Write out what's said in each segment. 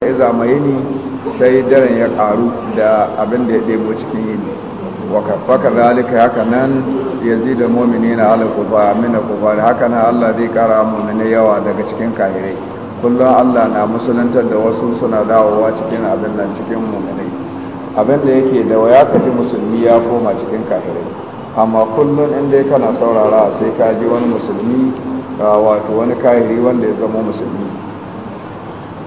ya zama yini sai daren ya karu da abin da ya ɗebo cikin yini waka zalika haka nan ya zi da momini na ala kufa mina kufa haka nan allah zai kara momini yawa daga cikin kahirai kullum allah na musulantar da wasu suna dawowa cikin abin nan cikin momini abin da yake da waya ka ji musulmi ya koma cikin kahirai amma kullum in dai kana saurara sai ka ji wani musulmi ah, wato wani kahiri wanda ya zama musulmi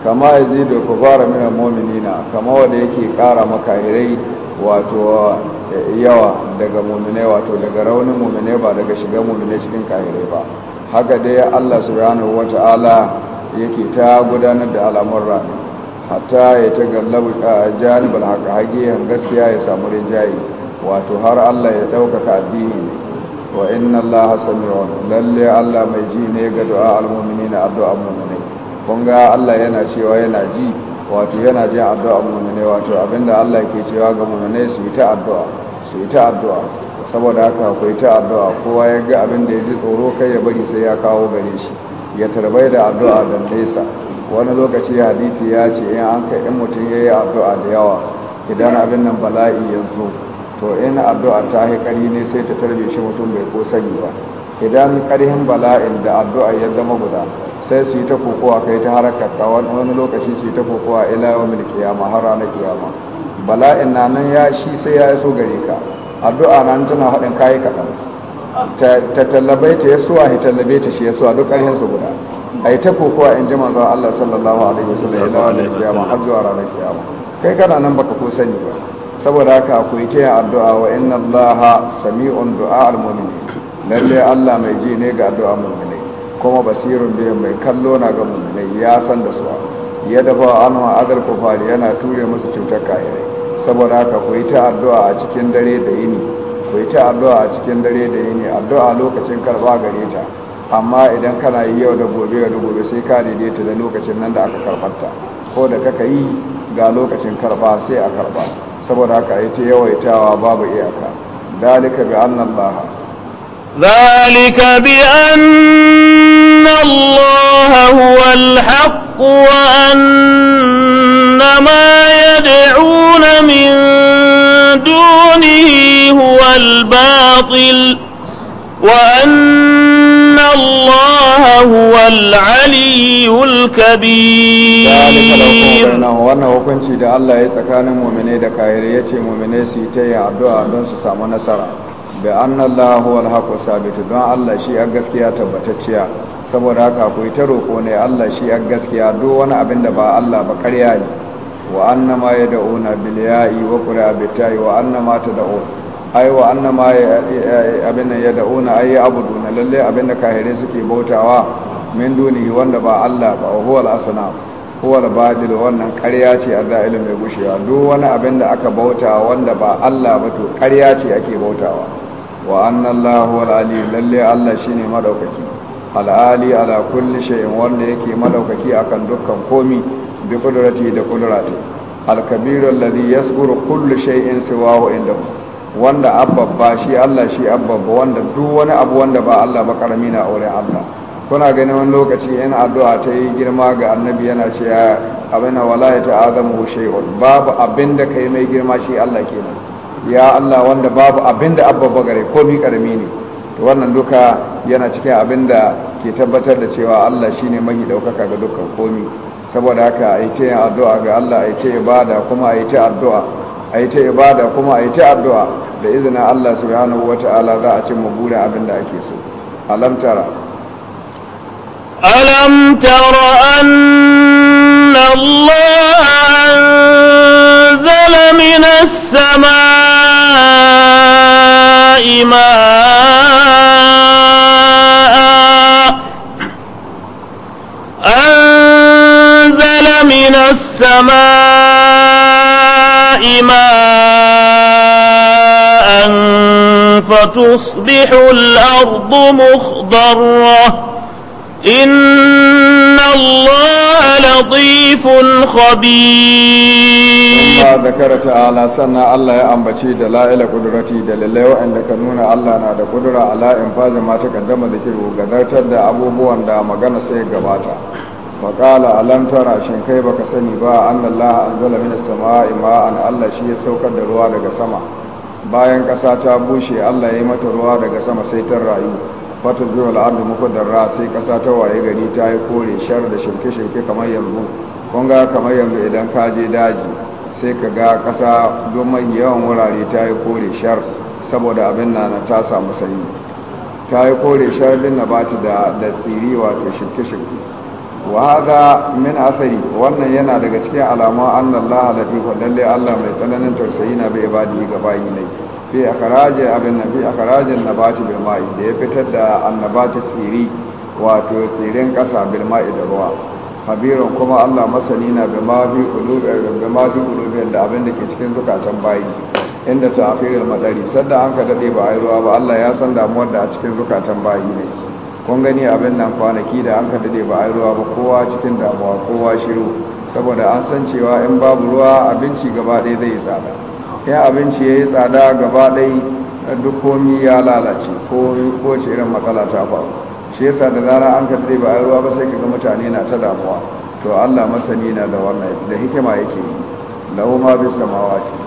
kama ya zai da fara mina mominina kama wanda yake kara makahirai wato eh, yawa daga mominai wato daga raunin mominai ba daga shiga mominai cikin kahirai ba haka dai allah subhanahu wa ta'ala yake ta gudanar da al'amurra hatta ya ta gallabu a eh, janibal haka gaskiya ya samu rinjaye wato har allah ya ɗaukaka addini ne wa inna allaha sami'un lalle allah mai ji ne ga du'a al-mu'minina addu'a mu'minin kun Allah yana cewa yana ji wato yana jin addu'a mu'minai wato abinda Allah ke cewa ga mu'minai su yi ta addu'a su yi ta addu'a saboda haka akwai ta addu'a kowa ya ga abin da ya ji tsoro kai ya bari sai ya kawo gare shi ya tarbai da addu'a da nesa wani lokaci hadithi ya ce in an kai in mutum ya yi addu'a da yawa idan abin nan bala'i ya zo to in addu'a ta haikari ne sai ta tarbe shi mutum bai ko ba idan karihin bala'in da addu'a ya zama guda sai su yi ta kokowa kai ta haraka ta wani lokaci su yi ta kokowa ila yawmil kiyama har ranar kiyama bala'in na nan ya shi sai ya so gare ka addu'a nan tana haɗin kayi kaɗan ta tallabai ta yasuwa ya tallabe ta shi a duk karihin su guda a yi ta kokowa in ji manzon Allah sallallahu alaihi wasallam ila yawmil kiyama har zuwa ranar kiyama kai kana nan baka ko sani ba saboda haka akwai ta addu'a wa inna allaha sami'un du'a al-mu'minin lalle Allah mai ji ne ga addu'a mu'minai kuma basirun biyan mai kallo na ga mu'minai ya san da su ya dafa anhu adar kufari yana ture musu cutar kafirai saboda haka ku yi ta addu'a a cikin dare da yini ku yi ta addu'a a cikin dare da yini addu'a lokacin karba gare ta amma idan kana yi yau da gobe da gobe sai ka daidaita da lokacin nan da aka karbarta ko da kaka yi ga lokacin karba sai a karba saboda haka ta yawaitawa babu iyaka dalika bi Laha. ذلك بأن الله هو الحق وأن ما يدعون من دونه هو الباطل وأن الله هو العلي الكبير ذلك لو wannan hukunci da Allah ya tsakanin mu'mine da kafire yace mu'mine su yi addu'a don su samu nasara bi anna Allah huwa al sabitu don Allah shi a gaskiya tabbatacciya saboda haka ku ta roko ne Allah shi a gaskiya duk wani abin da ba Allah ba ƙarya ne wa anna ma yad'una bil ya'i wa qura bi ta'i wa anna ma tad'un ai wa anna ma abin nan yad'una ai abuduna lalle abin da kahire suke bautawa min duni wanda ba Allah ba huwa al-asnam huwa al-badil wannan ƙarya ce a da'ilin mai gushewa duk wani abin da aka bautawa wanda ba Allah ba to ƙarya ce ake bautawa wa annan lahuwar ali lalle Allah shi ne madaukaki al'ali ala kulli shay'in wanda yake madaukaki akan dukkan komi bi kudurati da kudurati alkabiru alladhi yasburu kulli shay'in siwahu inda wanda abbabba shi Allah shi abbabba wanda duk wani abu wanda ba Allah ba karami na aure Allah kuna ganin wani lokaci in addu'a ta yi girma ga annabi yana ce abin wala ya ta'azamu shay'un babu abin da kai mai girma shi Allah kenan ya Allah wanda babu abin da abba bagare komi karami ne to wannan duka yana cikin abin da ke tabbatar da cewa Allah shine mahi daukaka ga dukkan komi saboda haka a yi ta addu'a ga Allah a yi ta ibada kuma a yi ta addu'a a yi ta ibada kuma a yi ta addu'a da izinin Allah subhanahu wata'ala za a ce mu abin da ake so alam tara alam tara anna Allah anzala minas sama ماء أنزل من السماء ماء فتصبح الأرض مخضرة إن الله لطيف خبير الله ذكر تعالى سنة الله يا أمبتي دلائل قدرتي دلالي وعندك نون الله نادى قدرة على إنفاذ ما تقدم ذكره قدرت دا أبو بوان دا مغانا سيقباتا فقال ألم ترى شن كي بك سني با أن الله أنزل من السماء ما أن الله شيء سوك دروا لك سما bayan ƙasa ta bushe Allah ya yi mata ruwa daga sama sai ta fatar zuwa al'adu ra sai kasa ta waye gari ta yi kore shar da shirke-shirke kamar yanzu kun ga kamar yanzu idan ka je daji sai ka ga kasa domin yawan wurare ta yi kore shar saboda abin na na ta samu sanyi ta yi kore shar din na bata da da tsiri wato shirke-shirke. wa hada min asari wannan yana daga cikin alama annallaha latifun lalle Allah mai tsananin tausayi na bai ibadi ga bayi ne fi akharajin abin na fi akharajin nabati bil bilma'i da ya fitar da annabata tsiri wato tsirin ƙasa bilma'i da ruwa habirin kuma Allah masani na bi ma fi da abin da ke cikin zukatan bayi inda ta ta'khirul madari sadda an ka dade ba yi ruwa ba Allah ya san damuwar da a cikin zukatan bayi ne kun gani abin nan kwanaki da an ka dade ba yi ruwa ba kowa cikin damuwa kowa shiru saboda an san cewa in babu ruwa abinci gaba ɗaya zai tsada ya abinci ya yi tsada gaba ɗai duk komi ya lalace ko ce irin matsala ta faru shi yasa da zara an ka ba a ruwa ba sai ka ga mutane na ta damuwa to Allah masani na da wannan da hikima yake yi lahu ma fi samawati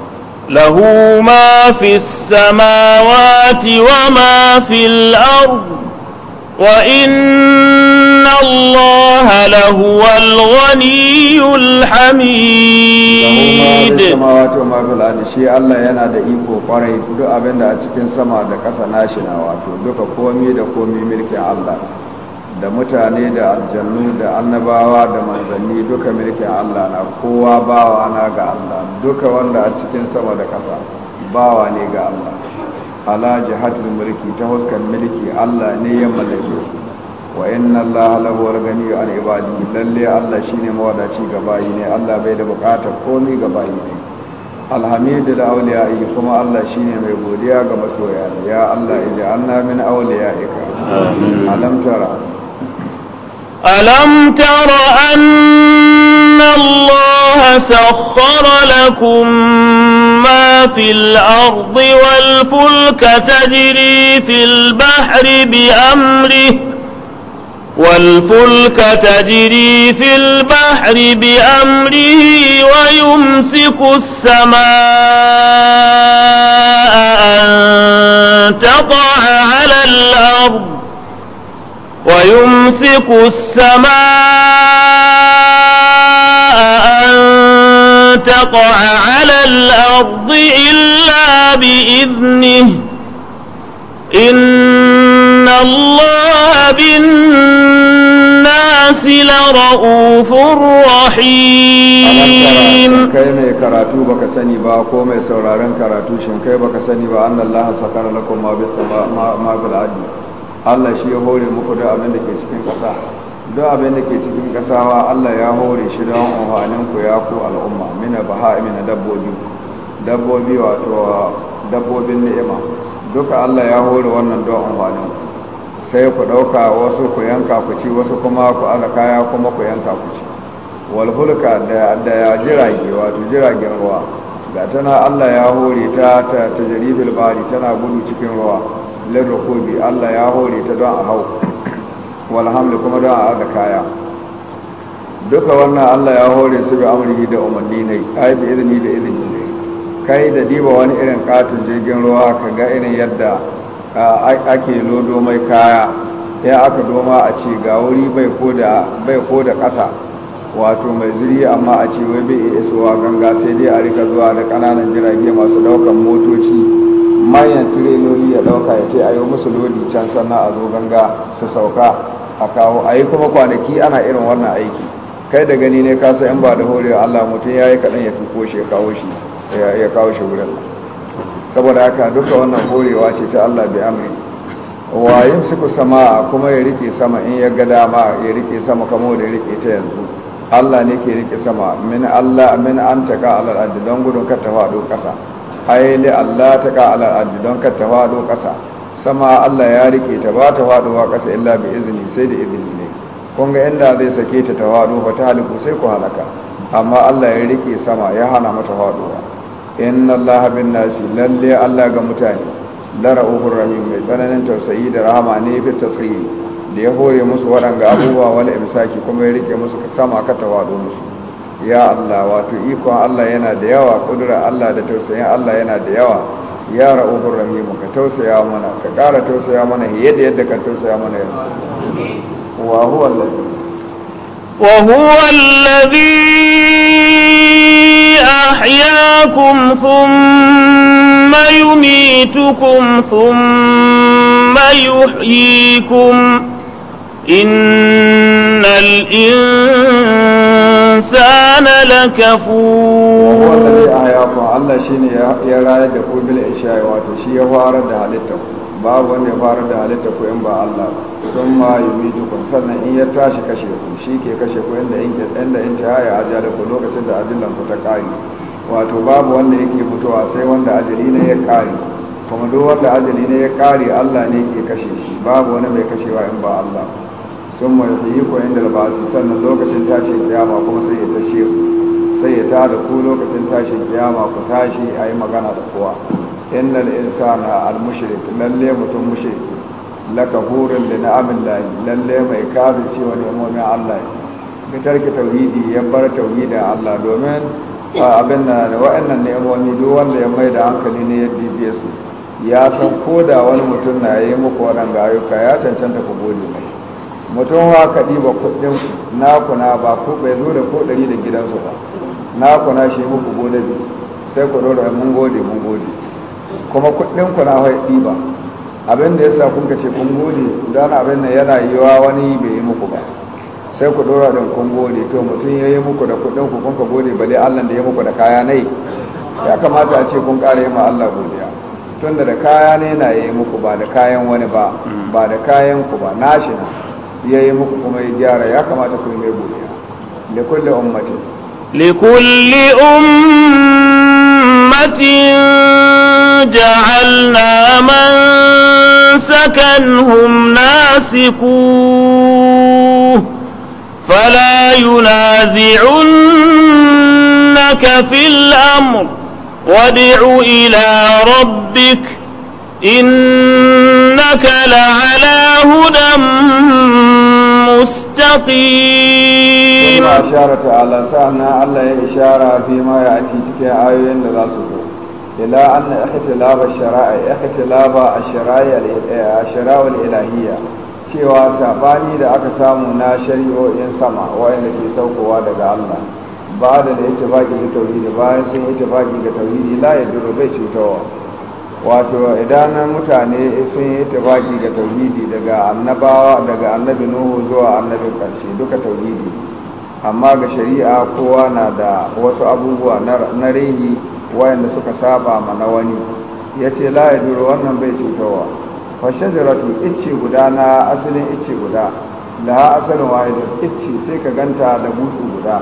lahu ma fi samawati wa ma fi wa inna Allah وهو الغني الحميد samawati wa mafil ardi shi Allah yana da iko kwarai duk abin da a cikin sama da kasa nashi na wato duka komi da komi milkin Allah da mutane da aljannu da annabawa da manzanni duka milkin Allah na kowa bawa na ga Allah duka wanda a cikin sama da ƙasa bawa ne ga Allah ala jihatul mulki ta huskan mulki Allah ne ya mallake su wa inna Allah lahu al-ghani an ibadi lalle Allah shine mawadaci ga bayi ne Allah bai da bukatar komai ga bayi ne alhamidu da auliya'i kuma Allah shine mai godiya ga masoya ya Allah ij'alna min auliya'ika alam tara alam tara anna Allah sakhkhara lakum ما في الأرض والفلك تجري في البحر بأمره والفلك تجري في البحر بأمره ويمسك السماء أن تقع على الأرض ويمسك السماء أن تقع على الأرض إلا بإذنه إن الله بالناس لرؤوف رحيم kai mai karatu baka sani ba ko mai sauraron karatu shin kai baka sani ba anna Allah sakara lakum ma bis ma bil adi Allah shi ya hore muku da abin ke cikin ƙasa duk ابين دكي ke cikin ƙasawa Allah ya hore shi don amfanin ku ya ku al'umma mina baha, mina dabbobi dabbobi wato dabbobin ni'ima duka Allah ya hore wannan don amfanin ku sai ku ɗauka wasu ku yanka ku ci wasu kuma ku aza kaya kuma ku yanka ku ci walhulka da ya jirage wato jiragen ruwa ga tana allah ya hore ta ta tajiribil bari tana gudu cikin ruwa lirrakobi allah ya hore ta don a hau walhamdu kuma don a aza kaya duka wannan allah ya hore su bi amurki da umarni ne ai bi izini da izini ne kai da diba wani irin katon jirgin ruwa ka ga irin yadda ake lodo mai kaya ya aka doma a ce ga wuri bai ko da ƙasa wato mai ziri amma a ce wai bai isowa ganga sai dai a rika zuwa da kananan jirage masu ɗaukan motoci manyan tireloli ya ɗauka ya ce a yi musu lodi can sannan a zo ganga su sauka a kawo a yi kuma kwanaki ana irin wannan aiki kai da gani ne kasa in ba da horewa allah mutum ya yi kaɗan ya fi kawo shi wurin saboda haka duka wannan horewa ce ta Allah bi amri su ku sama kuma ya rike sama in ya ga dama ya rike sama kamar da ya rike ta yanzu Allah ne ke rike sama min Allah min an taka alal ardi don gudun kar ta fado kasa ai li Allah taka alal ardi don kar ta fado kasa sama Allah ya rike ta ba ta fadowa kasa illa bi izini sai da izini ne kun ga inda zai sake ta ta fado ba ta halu sai ku halaka amma Allah ya rike sama ya hana mata fadowa inna Allah bin nasi lalle Allah ga mutane lara uhur rahim mai tsananin tausayi da rahama ne fi tasiri da ya hore musu waɗanga abubuwa wani imsaki kuma ya rike musu sama ka tawado musu ya Allah wato ikon Allah yana da yawa kudura Allah da tausayin Allah yana da yawa ya ra'uhur rahim ka tausaya mana ka ƙara tausaya mana yadda yadda ka tausaya mana yanzu wa huwa أحياكم ثم يميتكم ثم يحييكم إن الإنسان لكفور babu wanda ya fara da halitta ko in ba Allah sun ma yi miji kun sannan in ya tashi kashe ku shi ke kashe ku inda in inda in ta haya aja da ku lokacin da ajalan ku ta kare wato babu wanda yake fitowa sai wanda ajali ne ya kare kuma duk wanda ajali ne ya kare Allah ne ke kashe shi babu wani mai kashewa in ba Allah sun ma yi ku inda su sannan lokacin tashi kiyama kuma sai ya tashe ku sai ya tada ku lokacin tashin kiyama ku tashi a yi magana da kowa innal insana al mushrik lalle mutum mushriki laka hurin da na'amin layi lalle mai kafin cewa nemomin allah ya tarki tauhidi ya bar tauhidin allah domin abin na da wa'annan nemomi duk wanda ya mai da hankali ne ya dibiye su ya san ko da wani mutum na yi muku ga ayyuka ya cancanta ku gode mai mutum wa ka ɗiba kuɗin nakuna ba ku bai zo da ko ɗari da gidansu ba na shi muku gode sai ku ɗora mun gode mun gode kuma kudin ku na haɗi ba abin da ya sa kuka ce kun gode don abin da yana yiwa wani bai yi muku ba sai ku dora da kun gode to mutum ya yi muku da kudin ku kunka gode bale allah da ya muku da kaya nai ya kamata a ce kun kare ma allah godiya tun da kaya ne na yi muku ba da kayan wani ba ba da kayan ku ba nashi na ya yi muku kuma ya gyara ya kamata ku yi mai godiya da kulle ummatin لكل أمة جعلنا من سكنهم ناسكوه فلا ينازعنك في الأمر وادع إلى ربك إنك لعلى هدى مستقيم ثم أشار تعالى سهنا الله إشارة فيما يأتي تكي آية لا صفر إلى أن اختلاف الشرائع اختلاف الشرائع الشرائع الإلهية cewa sabani da aka samu na shari'o'in sama wa'anda ke saukowa daga Allah ba da da ittifaqi ga tauhidi bayan sun ittifaqi ga tauhidi la yadurru bai cutawa wato idan mutane sun yi tabaki ga tauhidi daga annabawa daga annabi nuhu zuwa annabin karshe duka tauhidi amma ga shari'a kowa na da wasu abubuwa na rehi wayanda suka saba ma na wani ya ce la ya duro wannan bai cutowa fashe da ratu icce guda na asalin icce guda ha asalin wahidar icce sai ka ganta da gusu guda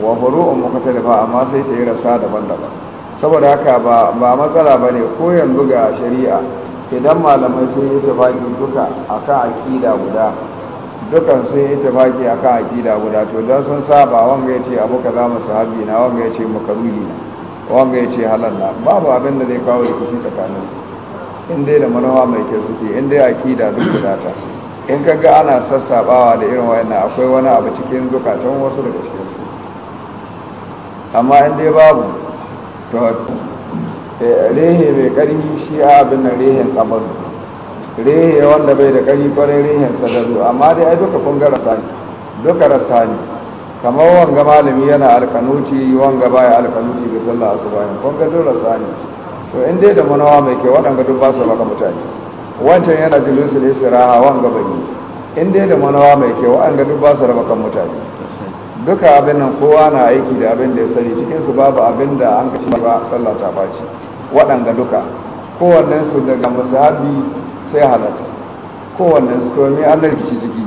wa horo a amma sai ta yi rasa daban-daban saboda haka ba matsala ba ne ko yanzu ga shari'a idan malamai sun yi tafaki duka a kan aƙida guda dukan sun yi tafaki a kan aƙida guda to don sun saba wanga ya ce abu ka za masu habi na wanga ya ce makaruhi na wanga ya ce halar na babu abin da zai kawo rikici tsakaninsu in dai da manawa mai kyau suke in dai aƙida duk guda ta in ka ga ana sassabawa da irin wayannan akwai wani abu cikin zukatan wasu daga cikinsu amma in dai babu to rehe mai ƙarfi shi a abin da rehen kamar rehe wanda bai da ƙarfi kwarai rehen sadaru amma dai ai duka kun ga ne duka ne kamar wanga malami yana alkanuti wanga baya alkanuti bai sallah asuba ne kun ga duk ne to in dai da manawa mai kyau waɗanga duk ba su baka mutane wancan yana julusul siraha wanga bai in dai da manawa mai kyau waɗanga duk ba su raba mutane duka abin nan kowa na aiki da abin da ya sani cikinsu babu abin da an kaci ba sallah ta baci waɗanda duka kowannensu daga musabi sai halatta kowannensu to me an rikici ciki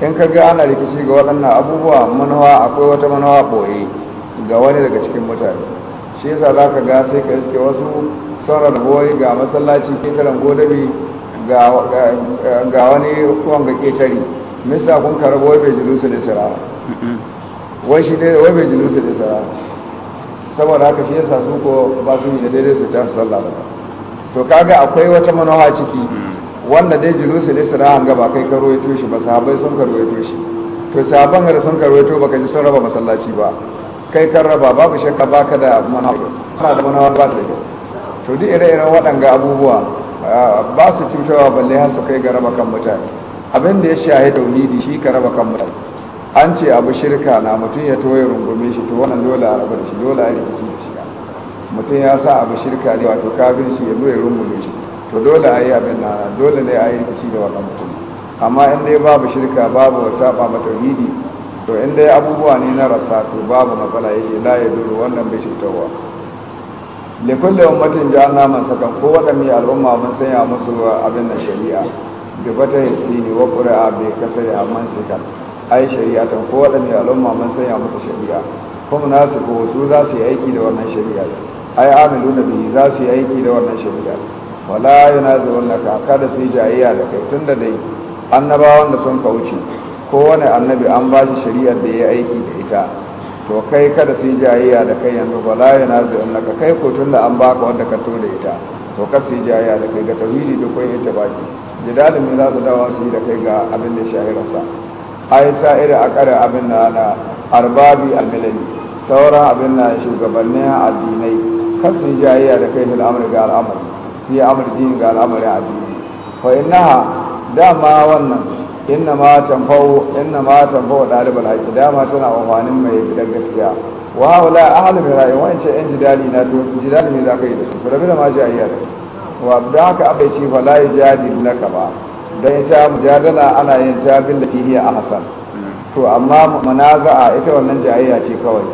in ka ga ana rikici ga waɗannan abubuwa manawa akwai wata manawa ɓoye ga wani daga cikin mutane shi yasa za ka ga sai ka iske wasu sauran boye ga masallaci ƙetaren godabi ga wani kuwan ga ƙetare misa kun karabo bai jirusu da sirawa wai shi da wai mai julusa da sara saboda haka shi yasa su ko ba su yi sai dai su ta sallah ba to kaga akwai wata manawa ciki wanda dai julusa ne sara an gaba kai karo ya toshi ba sahabai sun karo ya toshi to sahabban da sun karo ya to baka ji sun raba masallaci ba kai kan raba babu shakka baka da manawa kana da manawa ba ta to duk ire-iren waɗanga abubuwa ba su cutarwa balle har su kai ga raba kan mutane abin da ya shahi daunidi shi ka raba kan mutane an ce abu shirka na mutum ya toye rungume shi to wannan dole a rabar da shi dole a rikici da shi mutum ya sa abu shirka ne wato kafin shi ya zoye rungume shi to dole a yi abin na dole ne a yi rikici da wannan mutum amma in dai babu shirka babu wasa ba hidi, to in dai abubuwa ne na rasa to babu matsala ya ce la ya duru wannan bai cutarwa da kulle ummatin jahanna man sakan ko waɗanne al'umma mun sanya musu abin na shari'a da bata sini wa qur'a kasa kasari amman sakan ai shari'a ta ko waɗanne al'umma mun sanya musu shari'a kuma na su ko su za su yi aiki da wannan shari'a ai amilu da biyu za su yi aiki da wannan shari'a wala yana zuwa na kaka da su yi jayayya da kai tun da dai annabawan da sun kauce wani annabi an ba shi shari'ar da ya aiki da ita to kai kada su yi jayayya da kai yanzu wala yana zuwa na kai ko tun da an baka wanda ka to da ita to ka su yi jayayya da kai ga tauhidi duk kun ita baki jidalin ne za su dawa su yi da kai ga abin da ya shahararsa ai sa'ir a kare abin da na arbabi milin sauran abin na shugabannin addinai kasu jayayya da kai fil amri ga al'amari fi amri ga al'amari addini fa innaha dama wannan inna ma tanfau inna ma tanfau dalibul haqi dama tana amfanin mai bidan gaskiya wa haula ahlul ra'ayi wa ince yan jidali na to jidali ne ka yi da su rabi da ma jayayya da wa da haka abai ce fa la yajadil ka ba don ita mujadala ana yin ta billati hiya hasan hmm. to amma munaza'a ita wannan jayayya ce kawai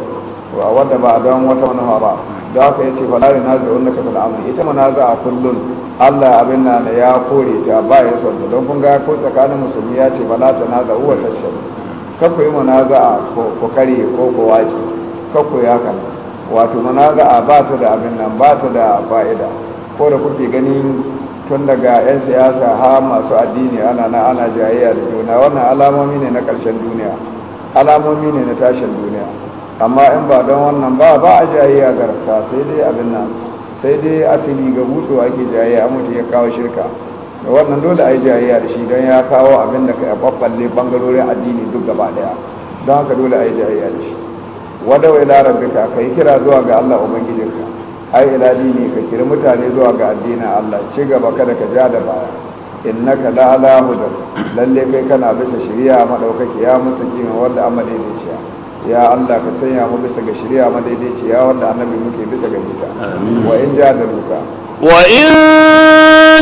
wadda ba don wata manufa ba hmm. da aka yace fala yunazi'unka fil amri ita munaza'a kullun Allah abin da ya kore ta ba ya san don kun ga ko tsakanin musulmi ya ce fala tanaza'u wa tashadu hmm. kakku yi munaza'a ko kare ko ko wace kakku ya kan wato munaza'a ba ta da abin nan ba ta da fa'ida ko da kuke ganin tun daga 'yan siyasa ha masu addini ana na ana jayayya da juna wannan alamomi ne na ƙarshen duniya alamomi ne na tashin duniya amma in ba don wannan ba ba a jayayya ga rasa sai dai abin nan sai dai asali ga mutu ake jayayya mutu ya kawo shirka da wannan dole a yi jayayya da shi don ya kawo abin da ka babballe bangarorin addini duk gaba daya don haka dole a yi jayayya da shi wadawai larabbi ka yi kira zuwa ga allah ubangijinka ai ila dini ka kiri mutane zuwa ga addinin Allah ci gaba kada ka ja da baya innaka la ala hudan lalle kai kana bisa shari'a madaukaki ya musu kima wanda amma daidaiciya ya Allah ka sanya mu bisa ga shari'a madaidaiciya wanda annabi muke bisa ga ita wa in ja da luka wa in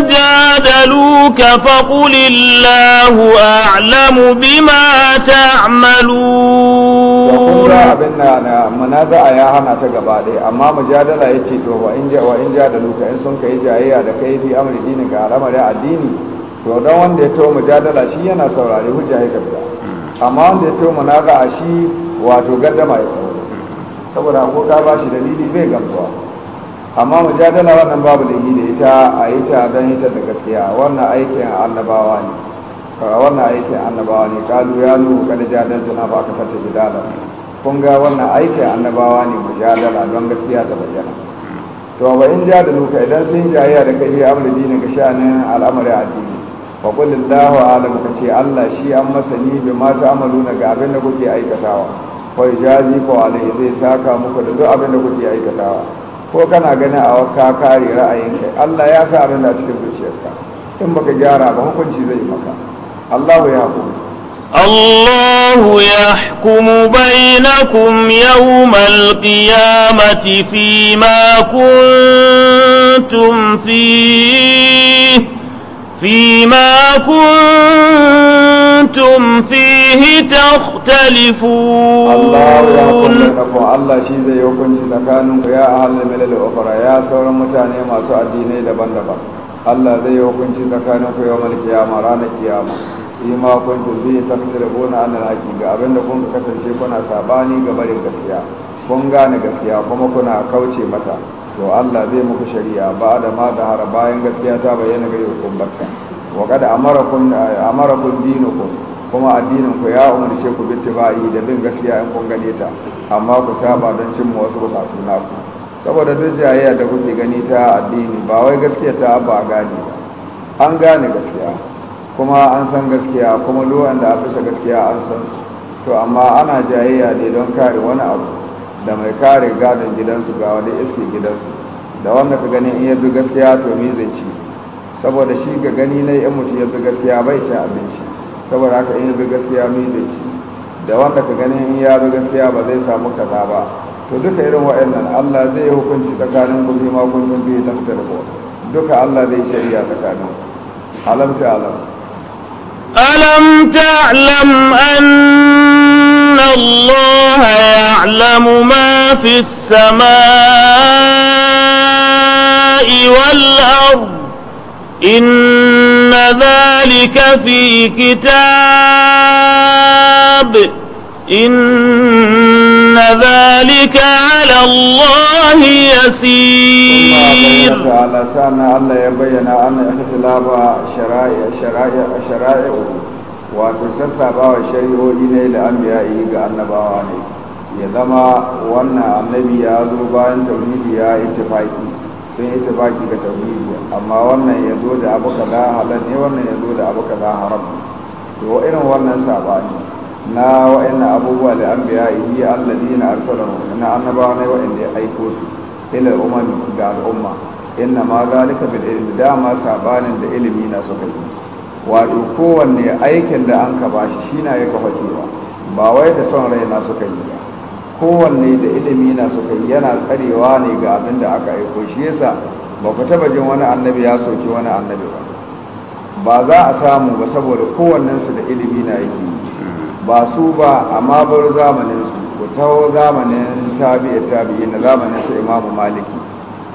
ja da luka fa qulillahu a'lamu bima تعملون to kun ga abin na munaza'a ya hana ta gaba ɗaya amma mujadala ya ce to wa in ja wa in da luka in sun kai jayayya da kai fi amri dini ga al'amari addini to dan wanda ya tawo mujadala shi yana saurare hujja ya gaba amma wanda ya tawo munaza'a shi wato gaddama ya tawo saboda ko ka ba shi dalili bai gamsuwa amma mujadala wannan babu dalili da ita a yi ta don ita da gaskiya wannan aikin annabawa ne wannan aikin annabawa ne kalu ya nuhu kada jadal tana ba ka fata jidala kun ga wannan aikin annabawa ne mu mujadala don gaskiya ta bayyana to ba in da nuka idan sun jayayya da kai ya amri dinin ga sha'anin al'amari addini wa qul illahu alamu ka ce Allah shi an masani bi ma na ga abin da kuke aikatawa wa jazi ko alai zai saka muku da duk abin da kuke aikatawa ko kana ganin a waka kare ra'ayinka Allah ya sa abin da cikin zuciyarka in baka gyara ba hukunci zai maka Allahu ya hukunta الله يحكم بينكم يوم القيامة فيما كنتم فيه فيما كنتم فيه تختلفون الله يحكم الله شيء زي يكون تكانوا يا أهل الملل الأخرى يا سورة متانية ما سؤال ديني دبن دبن Allah zai yi hukunci tsakanin ku yau mal kiyama ranar kiyama shi ma kun tuzi ta fitar gona an alhaki ga abinda da kun kasance kuna sabani ga barin gaskiya kun gane gaskiya kuma kuna kauce mata to Allah zai muku shari'a ba da ma da har bayan gaskiya ta bayyana gare ku kun barka wa amara kun amarakum kun kuma addinin ku ya umarce ku yi da bin gaskiya in kun gane ta amma ku saba don cimma wasu bukatu naku saboda duk jayayya da kuke gani ta addini ba wai gaskiya ta ba gani ba an gane gaskiya kuma an san gaskiya kuma luwan da a gaskiya an san su to amma ana jayayya ne don kare wani abu da mai kare gadon gidansu ga wani iske gidansu da wanda ka gani in yabi gaskiya to mi zai ci saboda shi ga gani na yan mutum yabi gaskiya bai ci abinci saboda haka in yabi gaskiya mi zai ci da wanda ka gani in yabi gaskiya ba zai samu kaza ba to duka irin wa'annan Allah zai hukunci tsakanin ku bi ma kuntum bi tamtarbu duka Allah zai shari'a tsakanin alam ta'lam alam ta'lam anna Allah ya'lamu ma fi as-samai wal ard inna dhalika fi kitab إن ذلك على الله يسير الله تعالى سألنا الله يبين أن اختلاف شرائع شرائع شرائع وتسسبا وشريعه إلى الأنبياء كأنبوا ya zama wannan annabi ya zo bayan tauhidi ya ittifaki sun ittifaki ga tauhidi amma wannan ya zo da abu kaza halal ne wannan ya zo da abu kaza haram to irin wannan sabani na na abubuwa da an biya yi Allah, arsalahu na annabawa wa'in da ya aiko su ila umar ga al'umma inna ma zalika bil ilmi dama sabanin da ilimi na suka yi wato kowanne aikin da an ka bashi shi na ya kafa ba wai da son rai na suka yi ba kowanne da ilimi na suka yi yana tsarewa ne ga abin da aka aiko shi yasa ba ku taba jin wani annabi ya soki wani annabi ba ba za a samu ba saboda kowannensu da ilimi na yake yi ba su ba amma bar zamanin su ku taho zamanin tabi'a tabi'i na zamanin su imamu maliki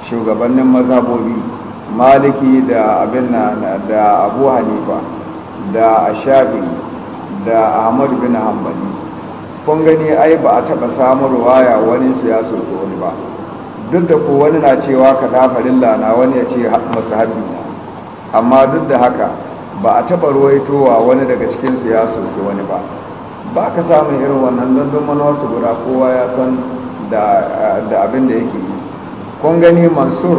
shugabannin mazhabobi maliki da abin da abu hanifa da ashabi da ahmad bin hanbali kun gani ai ba a taɓa samun ruwaya wani su ya wani ba duk da ko wani na cewa ka dafarin lana wani ya ce masu haɗi amma duk da haka ba a taɓa ruwaitowa wani daga cikin ya soke wani ba ba ka samun irin wannan don manuwarsu guda kowa ya san da abin da yake yi kun gani mansur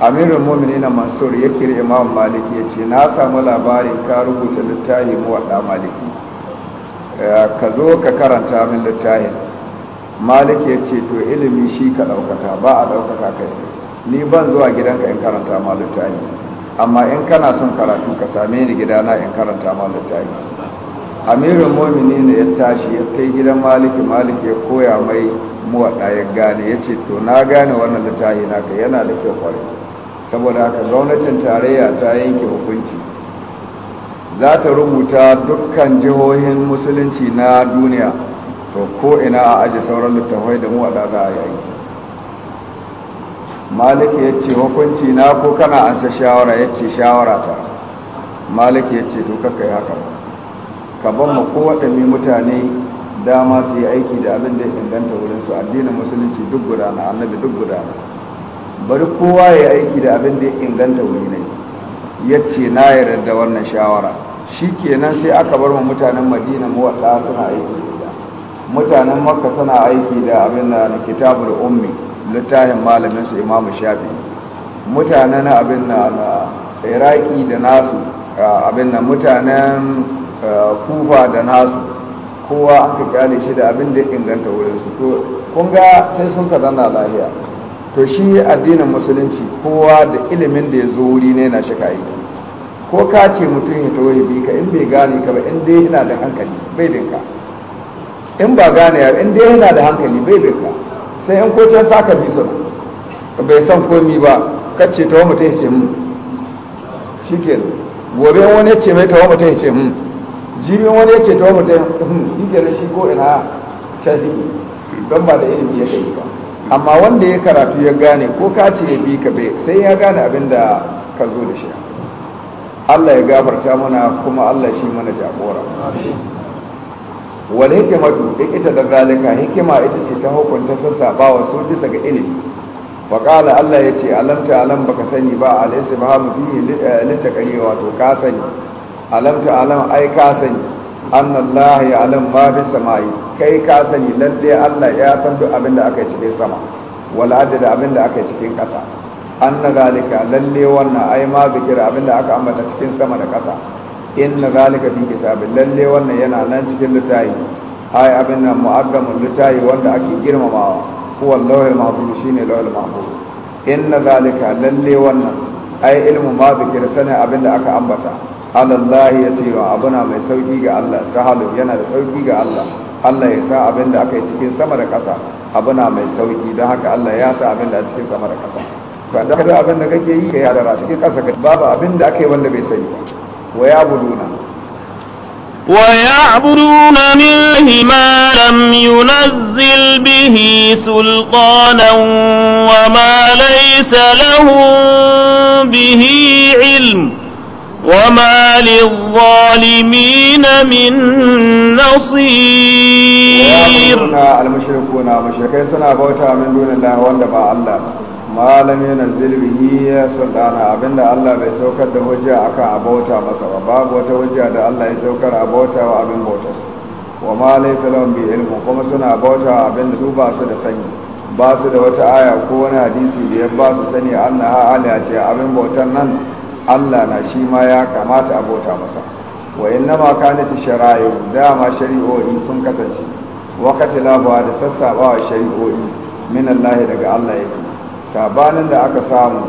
amirul na mansur ya kiri imam maliki ya ce na samu labarin ka rubuta littahi muwaɗa maliki eh, ka zo ka karanta min littahin maliki ya ce to ilimi shi ka ɗaukata, ba a ɗaukata kai ni ban zuwa gidanka in karanta ma littahi amma in kana son karatu ka same ni gidana in karanta ma littahi amirin momini ne ya tashi ya kai gidan maliki maliki ya koya mai muwaɗa ya gane ya ce to na gane wannan littafi naka yana da kyau kwarai saboda haka gwamnatin tarayya ta yanke hukunci za ta rubuta dukkan jihohin musulunci na duniya to ko ina a aji sauran littafai da muwaɗa za a yi maliki ya ce hukunci na ko kana ansa shawara ya ce shawara ta maliki ya ce to yi haka ba ka ban mu kowaɗanne mutane dama su yi aiki da abin da ya inganta wurin su, addinin musulunci duk gudana annabi duk gudana bari kowa ya aiki da abin da inganta wuri ne ya ce na yarda da wannan shawara shi kenan sai aka bar mu mutanen madina wata suna aiki da mutanen makka suna aiki da abin da na kitabul ummi littafin Malamin su imamu shafi mutanen abin na iraki da nasu abin da mutanen kufa da nasu kowa aka kyale shi da abin da inganta wurinsu to kun ga sai sun ka zanna lahiya to shi addinin musulunci kowa da ilimin da ya zo wuri ne na shi aiki ko ka ce mutum ya tauhibi ka in bai gane ka ba in dai yana da hankali bai ka. in ba gane ya in dai yana da hankali bai ka. sai in ko can saka bisa bai san komi ba kacce tawo mutum ya ce mun hmm. shikenan gobe wani ya ce mai tawo mutum ya ce mun hmm. jibin wani ya ce ta wani mutum hmm, shi ke ko ina shafi don ba da ilimi ya kai ba amma wanda ya karatu ya gane ko ka ce ya bi ka bai sai ya gane abin da ka zo da shi Allah ya gafarta mana kuma Allah shi mana jagora wal hikimatu ita da zalika hikima ita ce ta hukunta wa su bisa ga ilimi wa Allah ya ce alam ta alam baka sani ba alaysa ba mu fi wato ka sani alam alam ai ka sani ya alam ma bi samai kai ka sani lalle Allah ya san duk abin da aka yi cikin sama wala da abin da aka yi cikin ƙasa anna zalika lalle wannan ai ma zikir abin da aka ambata cikin sama da ƙasa inna zalika fi kitabin lalle wannan yana nan cikin littafi ai abin nan mu'azzamun littafi wanda ake girmamawa huwa lawhul mahfuz shine lawal mahfuz inna zalika lalle wannan ai ilmu ma zikir sanin abin da aka ambata alallahi ya siyo abuna mai sauki ga Allah sahalu yana da sauki ga Allah Allah ya sa abin da aka yi cikin sama da ƙasa abuna mai sauki don haka Allah ya sa abin da a cikin sama da ƙasa ba da haka abin da kake yi ka yi adara cikin ƙasa ka babu abin da aka yi wanda bai sani wa ya buduna wa ya buduna min ma lam yunazzil bihi sulqanan wa ma laysa lahu bihi ilm وما للظالمين من نصير يا المشركون مشركين سنة بوتا من دون الله با الله ما لم ينزل به سلطانا ابن الله بيسوك الدهجة اكا أكا أبوتا باب وتوجه ده الله يسوك الابوتا وابن بوتس وما ليس لهم بعلم وقم سنة بوتا ابن سوبا سنة سنة ba su da wata aya ko wani hadisi da ya ba su sani annaha aliya abin bautan nan Allah na shi ma ya kamata a bauta masa wa innama kanat shara'i dama shari'o'i sun kasance wakati labawa da sassabawa shari'o'i min Allah daga Allah yake sabanin da aka samu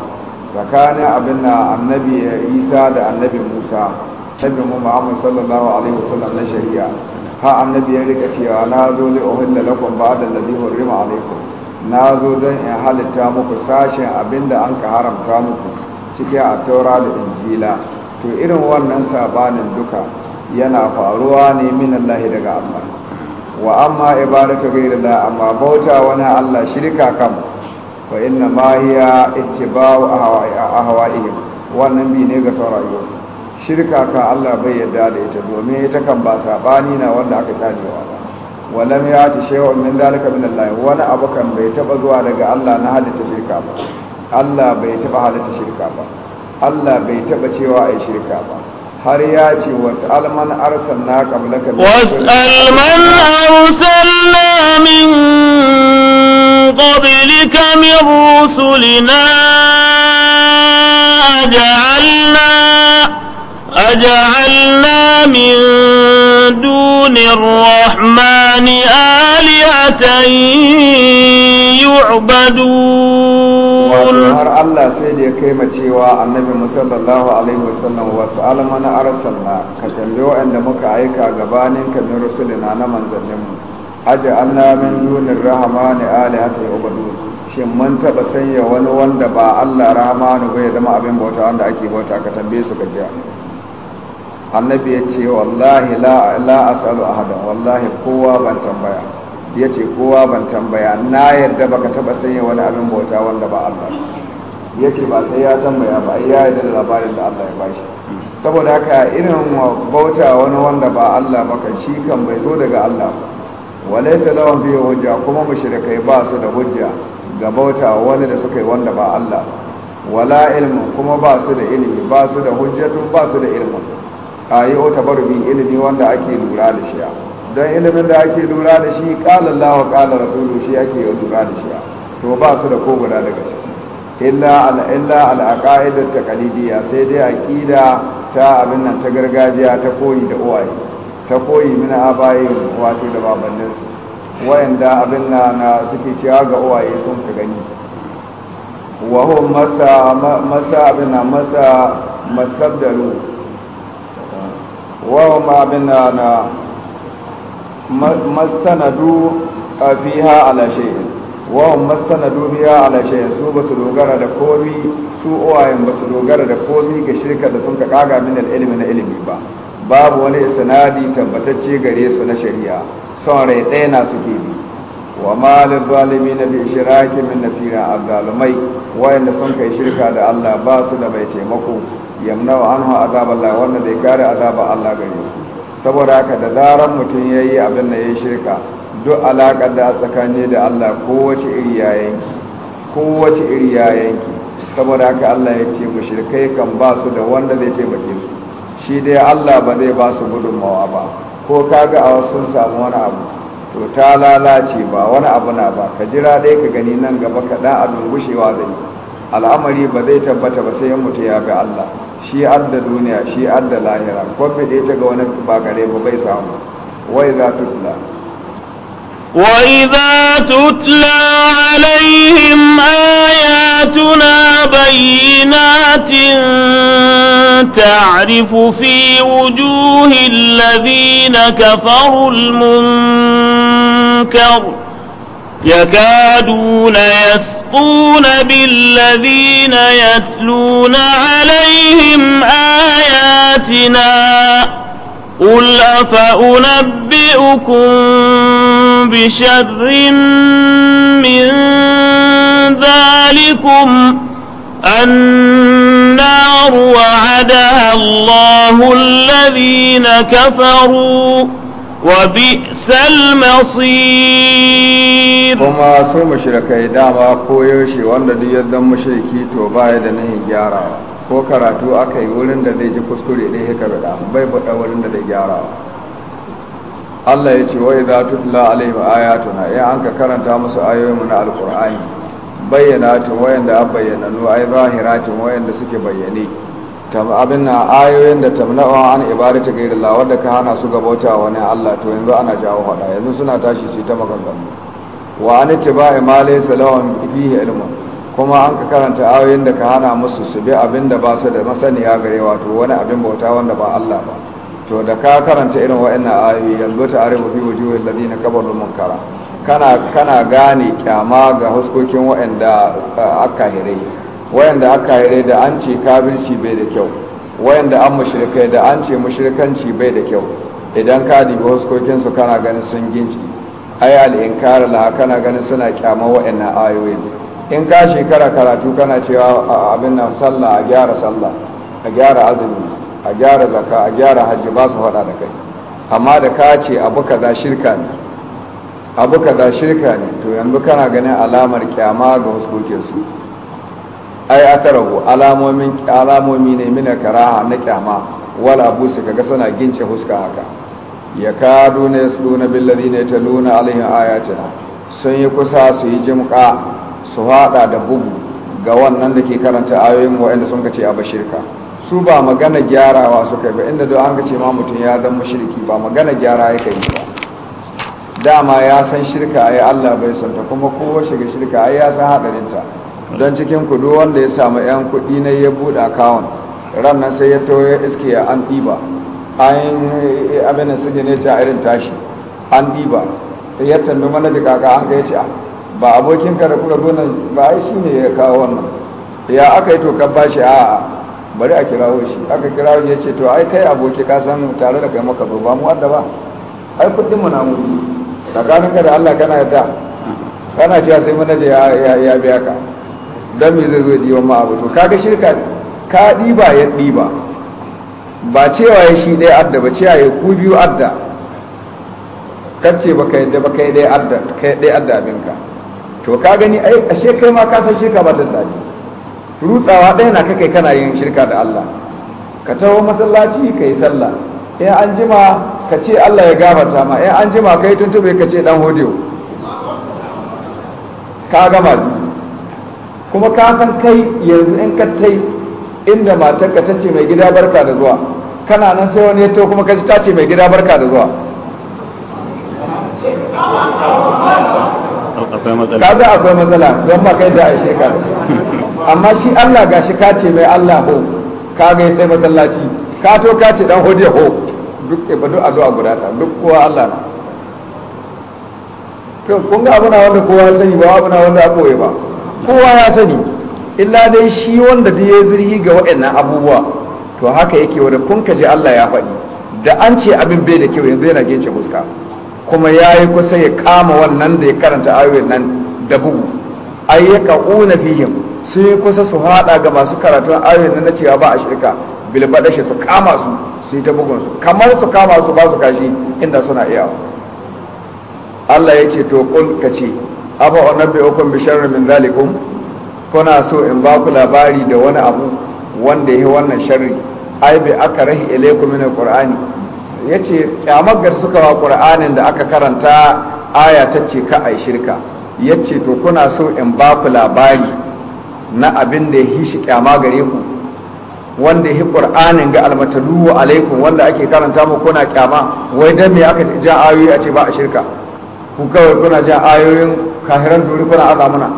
tsakanin abin na annabi Isa da annabi Musa annabi Muhammad sallallahu alaihi wasallam na shari'a ha annabi ya rika cewa na zo li uhilla lakum ba'da alladhi hurrima alaikum na zo don in halitta muku sashen abin da an ka haramta muku cikin taura da injila to irin wannan sabanin duka yana faruwa ne min Allah daga Allah wa amma ibadatu da, amma bauta wani Allah shirka kam wa inna ma hiya ittiba'u ahwa'ihim wannan bi ne ga wasu. shirka ka Allah bai yadda da ita domin ita kan ba sabani na wanda aka kanewa ba walam ya ta shay'un min dalika min Allah wani abu kan bai taba zuwa daga Allah na halitta shirka ba Allah bai taba halatta shirka ba Allah bai taba cewa ai shirka ba har ya ce was'al man arsalna qablaka was'al man arsalna min qablika min rusulina aj'alna أجعلنا من دون الرحمن آلهة يعبدون wato har Allah sai da ya kai ma cewa annabi musallallahu alaihi wasallam wasu mana arsalna ka tambayi waɗanda muka aika gabanin ka min rusulina na mu aje Allah min dunin rahmani alihata ya ubadu shin mun taɓa sanya wani wanda ba Allah rahmani ba ya zama abin bauta wanda ake bauta ka tambaye su ka jiya annabi ya ce wallahi la as'alu ahada wallahi kowa ban tambaya ya ce kowa ban tambaya na yarda baka taba sanya wani abin bauta wanda ba Allah ya ce ba sai ya tambaya ba ya yarda da labarin da Allah ya bashi saboda haka irin bauta wani wanda ba Allah baka shi kan bai zo daga Allah walaysa lahum bihi hujja kuma mushrikai ba su da hujja ga bauta wani da suka yi wanda ba Allah wala ilmu kuma ba su da ilimi ba su da hujjatu ba su da ilmu ayi ota barbi ilimi wanda ake lura da shi don ilimin da ake lura da shi ƙala lawa ƙala rasulu shi ake yi lura da shi to ba su da ko guda daga ciki illa al'aƙa'idar ta kalidiyya sai dai aƙida ta abin nan ta gargajiya ta koyi da uwaye ta koyi mina bayan wato da babanninsu wayanda abin na suke cewa ga uwaye sun ka gani wahon masa abin na masa masabdaru abin na masanadu a fiha ala wawan masanadu biya ala su ba su dogara da komi su uwayen ba su dogara da komi ga shirka da sun kaga min ilimi na ilimi ba babu wani sanadi tabbatacce gare su na shari'a son rai ɗaya na suke bi wa malin balimi na bi shiraki min nasira azzalumai wayanda sun kai shirka da Allah ba su da mai taimako yamna wa anhu azaballah wanda bai kare azaba Allah gare su saboda haka da zarar mutum ya yi abin da ya shirka duk alaƙar da tsakani da allah kowace iri ya yanki kowace iri ya yanki saboda haka allah ya ce mushrikai kan ba su da wanda zai taimake su shi dai allah ba zai ba su gudunmawa ba ko kaga a wasu samu wani abu to ta lalace ba wani abu na ba ka jira dai ka gani nan gaba kaɗan a da ni. al'amari ba zai tabbata ba sai mutu ya Allah shi adda duniya shi adda lahira ko fide ta ga wani ba gare ba bai samu wai za tutla وإذا تتلى عليهم آياتنا بينات تعرف في وجوه الذين mun المنكر يكادون يسقون بالذين يتلون عليهم آياتنا قل أفأنبئكم بشر من ذلكم النار وعدها الله الذين كفروا wa bi'sal masir kuma su mushrikai dama koyaushe wanda duk yadda mushriki to baya da nahin gyara, ko karatu aka yi wurin da zai ji kuskure ɗaya haka bada bai bada wurin da zai gyarawa Allah ya ce wa idza tutla alaihim ayatuna ya an ka karanta musu mu na alqur'ani bayyanatin wayanda a bayyananu ai zahiratin wayanda suke bayyane abin na ayoyin da tamna'u an ibadata ghairillah wanda ka hana su gabauta wani Allah to yanzu ana jawo hada yanzu suna tashi su yi ta maganganu wa an tiba imalai salawan bihi ilmu kuma an ka karanta ayoyin da ka hana musu su bi abin da ba su da masaniya gare wato wani abin bauta wanda ba Allah ba to da ka karanta irin wa'annan ayoyi yanzu ta arifu bi wujuhil ladina kabaru munkara kana kana gane kyama ga huskokin wa'anda aka hirai wayanda aka haire da an ce kabirci bai da kyau wayanda an mushrikai da an ce mushrikanci bai da kyau idan ka dibi huskokinsu kana ganin sun ginci ai al'inkara la kana ganin suna kyama wa'annan ayoyin in ka shekara karatu kana cewa abin nan sallah a gyara sallah a gyara azumi a gyara zaka a gyara hajji ba su faɗa da kai amma da ka ce abu kaza shirka ne abu kaza shirka ne to yanzu kana ganin alamar kyama ga huskokinsu ai atarahu alamomin alamomi ne mina karaha na kyama wala busa kaga suna gince huska haka ya kadu ne su na billadi ne ta luna ayatina sun yi kusa su yi jimka su hada da bugu ga wannan da ke karanta ayoyin wa'anda sun kace a bashirka su ba magana gyarawa su yi ba inda don an kace ma mutum ya dan mushriki ba magana gyara ya kai ba dama ya san shirka ai Allah bai santa kuma kowa shiga shirka ai ya san hadarinta don cikin kudu wanda ya samu 'yan kudi na ya buɗe akawun rannan sai ya to ya a an ɗiba an abin da suke ne a irin tashi an ɗiba ya tambi jika kaka an ka ya ce ah, ba abokin ka da kula gona ba ai shi ne ya kawo wannan ya aka yi to kan bashi a'a bari a kirawo shi aka kirawo ya ce to ai kai aboki ka san tare da kai maka ba mu wadda ba ai kudin mu na mu tsakaninka da Allah kana yadda kana cewa sai manaji ya biya ka don mai zai zo ya ɗiba abu to kaga shirka ka ɗiba ya ɗiba ba cewa ya shi ɗaya adda ba cewa ya ku biyu adda kacce ba ka yadda ba kai ɗaya adda kai ɗaya adda abinka to ka gani ai ashe kai ma ka san shirka ba ta daɗi rutsawa ɗaya na kakai kana yin shirka da Allah ka taho masallaci ka yi sallah in an jima ka ce Allah ya gabata ma in an jima ka yi tuntube ka ce dan hodiyo ka gama kuma ka san kai yanzu in ka tai inda matarka ta ce mai gida barka da zuwa kana nan sai wani ya kuma ka ji ta ce mai gida barka da zuwa ka za akwai matsala don ba kai da a shekaru amma shi allah gashi ka ce mai allah ho ka gai sai masallaci ka to ka ce dan hodiya ho duk ibadu eh, addu'a guda ta duk kowa allah na to kun ga abuna wanda kowa sani ba abuna wanda a koye ba kowa ya sani illa dai shi wanda da ya zirhi ga waɗannan abubuwa to haka yake wani kun ka ji Allah ya faɗi da an ce abin bai da kyau yanzu yana gince fuska kuma ya yi kusa ya kama wannan da ya karanta ayoyin nan da bugu ai ya ƙa'una fihim sun yi kusa su haɗa ga masu karatun ayoyin nan na cewa ba a shirka bilbaɗashi su kama su su yi ta bugunsu kamar su kama su ba su kashi inda suna iya. Allah ya ce to kun ka ce afa unabbi ukum bi sharrin min zalikum kuna so in ba ku labari da wani abu wanda ya wannan sharri ai bi akrahi ilaykum min alqur'ani yace kyamar gar suka wa qur'anin da aka karanta aya ta ce ka ai shirka yace to kuna so in ba ku labari na abin da ya shi kyama gare ku wanda ya qur'anin ga almatalu alaikum wanda ake karanta mu kuna kyama wai dan me aka ja ayoyi a ce ba a shirka ku kawai kuna ja ayoyin kahiran duri kuna aza muna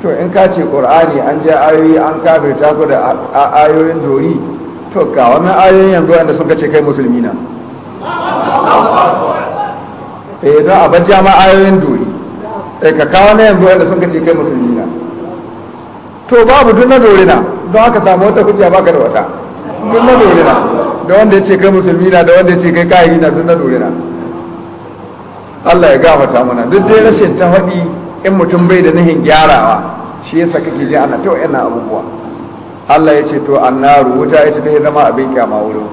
to in ka ce ƙorani an je ayoyi an kafirta ku da ayoyin duri to ga wannan ayoyin yanzu wanda sun kace kai musulmi na e eh, da a bajja ma ayoyin duri e eh, ka kawo na yanzu wanda sun kace kai musulmi na to babu duk na duri na don haka samu wata hujja baka da wata duk na na da wanda ya ce kai musulmi na da wanda ya ce kai kahiri na duk na na Allah ya gafata mana duk dai rashin ta faɗi in mutum bai da nihin gyarawa shi yasa kake ji ana ta ina abubuwa Allah ya ce to annaru wuta ita ta zama abin kyama wurin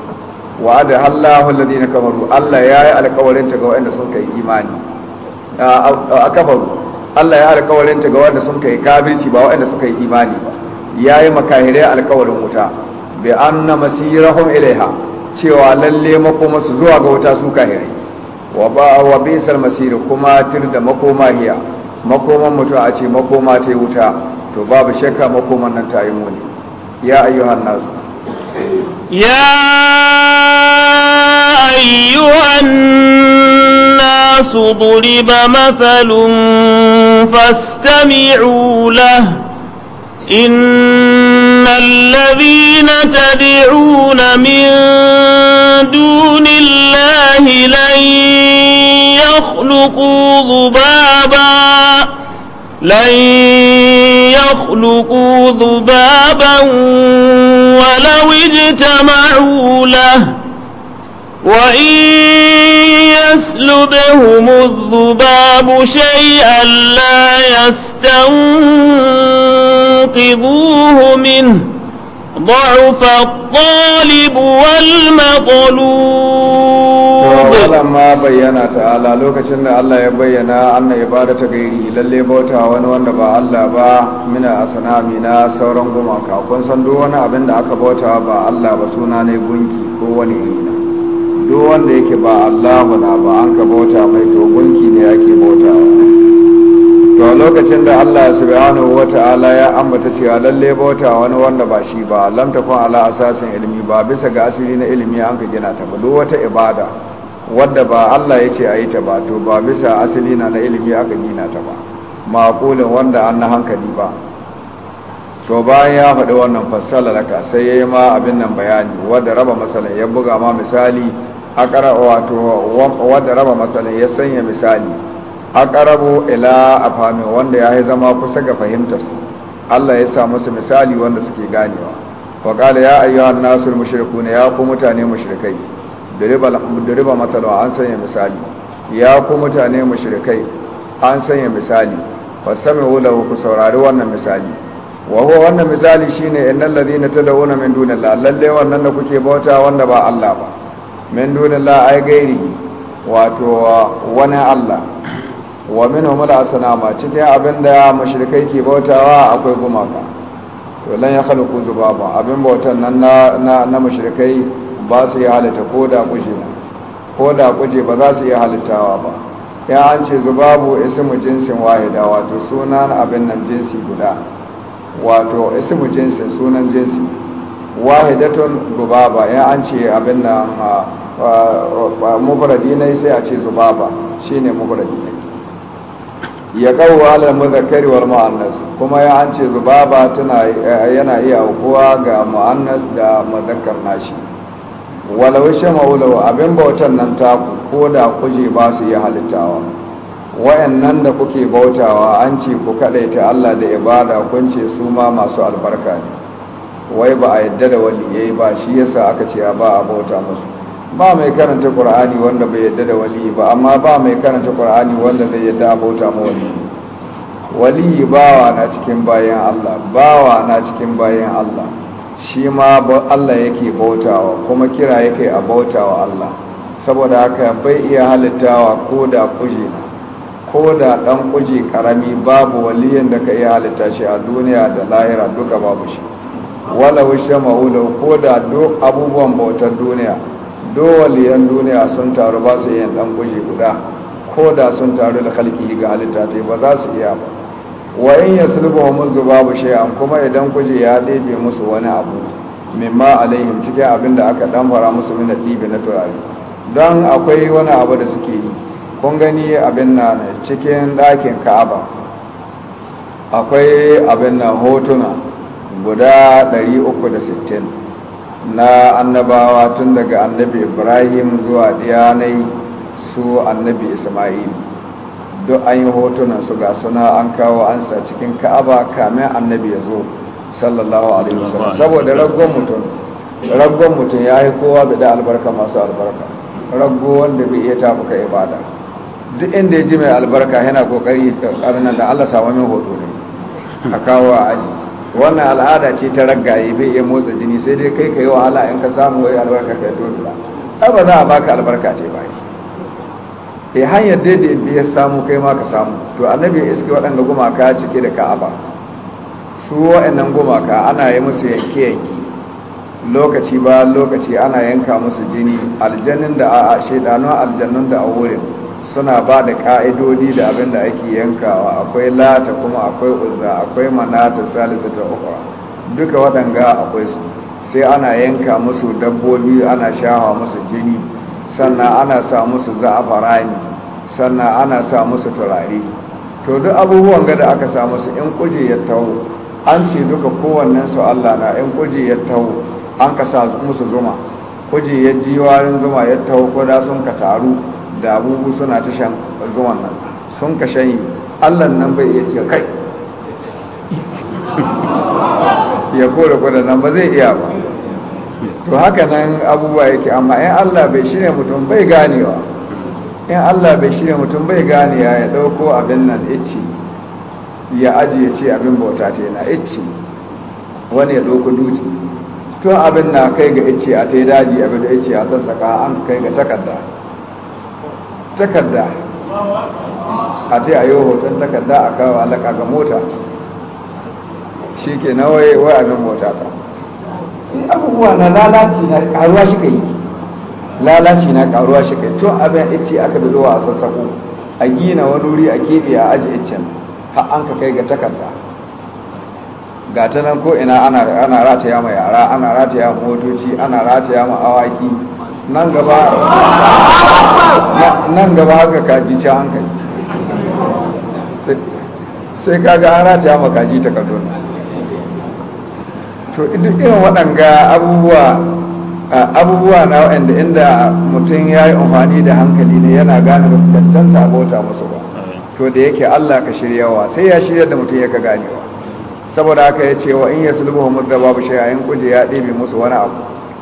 wa'ada Allahu na kafaru Allah ya yi alƙawarin ta ga wa'anda sun kai imani a kafaru Allah ya alƙawarin ta ga wa'anda sun kai kafirci ba wa'anda suka yi imani ya yi makahirai alƙawarin wuta bi anna masirahum ilaiha cewa lalle makomarsu zuwa ga wuta su kahirai wa ba wa kuma tir da makoma hiya makoman mutum a ce makoma ta yi wuta to babu shakka makoman nan ta yi muni ya ayyuhan nas ya ayyuhan nas duriba mathalun fastami'u lahu الذين تدعون من دون الله لن يخلقوا ذبابا لن يخلقوا ذبابا ولو اجتمعوا له وإن يسلبهم الذباب شيئا لا يستنقذوه منه ضعف الطالب والمطلوب ولما بينا تعالى لوكacin da Allah ya bayyana ibada ta gairi lalle bauta wani wanda ba Allah ba mina asanami na sauran gumaka kun san duk wani abin da aka bauta ba Allah ba suna ne gunki ko wani iri duk wanda yake ba Allahu na ba an ka bauta mai to gunki ne yake bauta to lokacin da Allah subhanahu wata'ala ya ambata cewa lalle bauta wani wanda ba shi ba lam takun ala asasin ilmi ba bisa ga asiri na ilimi an ka gina ta ba duk wata ibada wadda ba Allah ya ce a yi ta ba to ba bisa asali na na ilimi aka gina ta ba maƙulin wanda an na hankali ba to bayan ya faɗi wannan fassala sai ya yi ma abin nan bayani wadda raba masalan ya buga ma misali a wato wanda raba matsalin ya sanya misali a ƙarabo ila afami wanda ya yi zama kusa ga fahimtarsu allah ya sa musu misali wanda suke ganewa waƙala ya ayyuhan nasir mushriku ne ya ku mutane mushrikai diriba matsala an sanya misali ya ku mutane mushrikai an sanya misali fasami lahu ku saurari wannan misali wa huwa wannan misali shine innal ladina tad'una min dunillahi lalle wannan da kuke bauta wanda ba Allah ba min la ay gairihi wato wani Allah wa minhum al asanama cikin abinda mushrikai ke bautawa akwai gumaka to lan yakhluqu zubaba abin bautan nan na na, na mushrikai ba su yi halitta ko da kuje ko da kuje ba za su yi halittawa ba ya an ce zubabu ismu jinsin wahida wato sunan abin nan jinsi guda wato ismu jinsin sunan jinsi wahidatun Zubaba ya an ce abin na mubaradi ne sai a ce zubaba Shi ne mubaradi ne ya kawo ala muzakkari wal kuma ya an ce zubaba yana iya aukuwa ga ma'annas da madakar nashi walau ma'ulawa abin bautan nan ku, ko da kuje ba su yi halittawa nan da kuke bautawa an ce ku ta Allah da ibada kun ce su ma masu albarka ne wai ba a yadda da waliyai ba shi yasa aka ce ba a bauta musu ba mai karanta qur'ani wanda bai yadda da waliyi ba amma ba mai karanta qur'ani wanda zai yadda a bauta ma wali waliyi bawa na cikin bayan Allah bawa na cikin bayan Allah shi ma Allah yake bautawa kuma kira yake a bautawa Allah saboda haka bai iya halittawa ko da kuje ko da dan kuje karami babu waliyan da ka iya halitta shi a duniya da lahira duka babu shi wala wushe ma'ula ko da duk abubuwan bautar duniya yan duniya sun taru ba su yin dan guje guda ko da sun taru da halki ga halitta ta ba za su iya ba wa in ya sulba musu babu shay'an kuma idan kuje ya ɗebe musu wani abu mimma alaihim cikin abin da aka dan fara musu min dibe na turare Dan akwai wani abu da suke yi kun gani abin na cikin ɗakin ka'aba akwai abin na hotuna guda 360 na annabawa tun daga annabi ibrahim zuwa diyanai su annabi isma'il duk an yi hotunan su ga suna an kawo ansa cikin ka'aba kamin annabi ya zo sallallahu alaihi wasallam saboda raggon mutum raggon mutum ya yi kowa bai da albarka masu albarka raggo wanda bai iya tafuka ibada duk inda ya ji mai albarka yana kokari karnar da allah samu min hoto ne a kawo a aji wannan al'ada ce ta raggaye bai iya motsa jini sai dai kai ka yi wahala in ka samu wai albarka ka yi ai ba za a baka albarka ce ba yi e, hanyar daidai biya samu kai ma ka samu to annabi ya iske waɗanda gumaka cike da ka ka'aba su waɗannan gumaka ana yi musu yanke yanke lokaci ba lokaci ana yanka musu jini aljannin da a shaidanu aljannun da a wurin suna ba da ƙa'idodi da abin da ake yankawa akwai lata kuma akwai uzza akwai manata salisa ta ukwa duka waɗanga akwai su sai ana yanka musu dabbobi ana shawa musu jini sannan ana sa musu za'afarani sannan ana sa musu turare to duk abubuwan gada aka sa musu in kuje ya taho an ce duka kowannen su Allah na in kuje ya taho an ka sa musu zuma kuje ya ji warin zuma ya taho ko da sun ka taru da abubu suna ta shan zuwan nan sun ka shanyi allah nan bai iya ce kai ya kore nan ba zai iya ba to haka nan abubuwa yake amma in allah bai shirya mutum bai ganewa in allah bai shirya mutum bai ganewa ya dauko abin nan ici ya ajiye ce abin bauta ce na ici wani ya dauko duti tun abin na kai ga ice a ta yi daji abin da ice a sassaka an kai ga takarda takarda a a yi hoton takarda a kawo alaka ga mota shi ke na wai abin mota ta abubuwa na lalaci na karuwa shi ka yi lalaci na karuwa shi ka yi tun abin ice aka zuwa a sassaku. a gina wani wuri a keɓe a aji icen har an ka kai ga takarda ga ta nan ko ina ana rataya ma yara ana rataya ma motoci ana rataya ma awaki nan gaba haka kaji ci hankali sai kaga ana ci hama kaji ta kaduna to duk irin waɗanga abubuwa na waɗanda inda mutum ya yi amfani da hankali ne yana gane ba su cancanta bauta musu ba to da yake allah ka shiryawa sai ya shirya da mutum ya ka ganewa saboda haka ya ce wa in ya wa murda, babu shayayin kuje ya ɗebe musu wani abu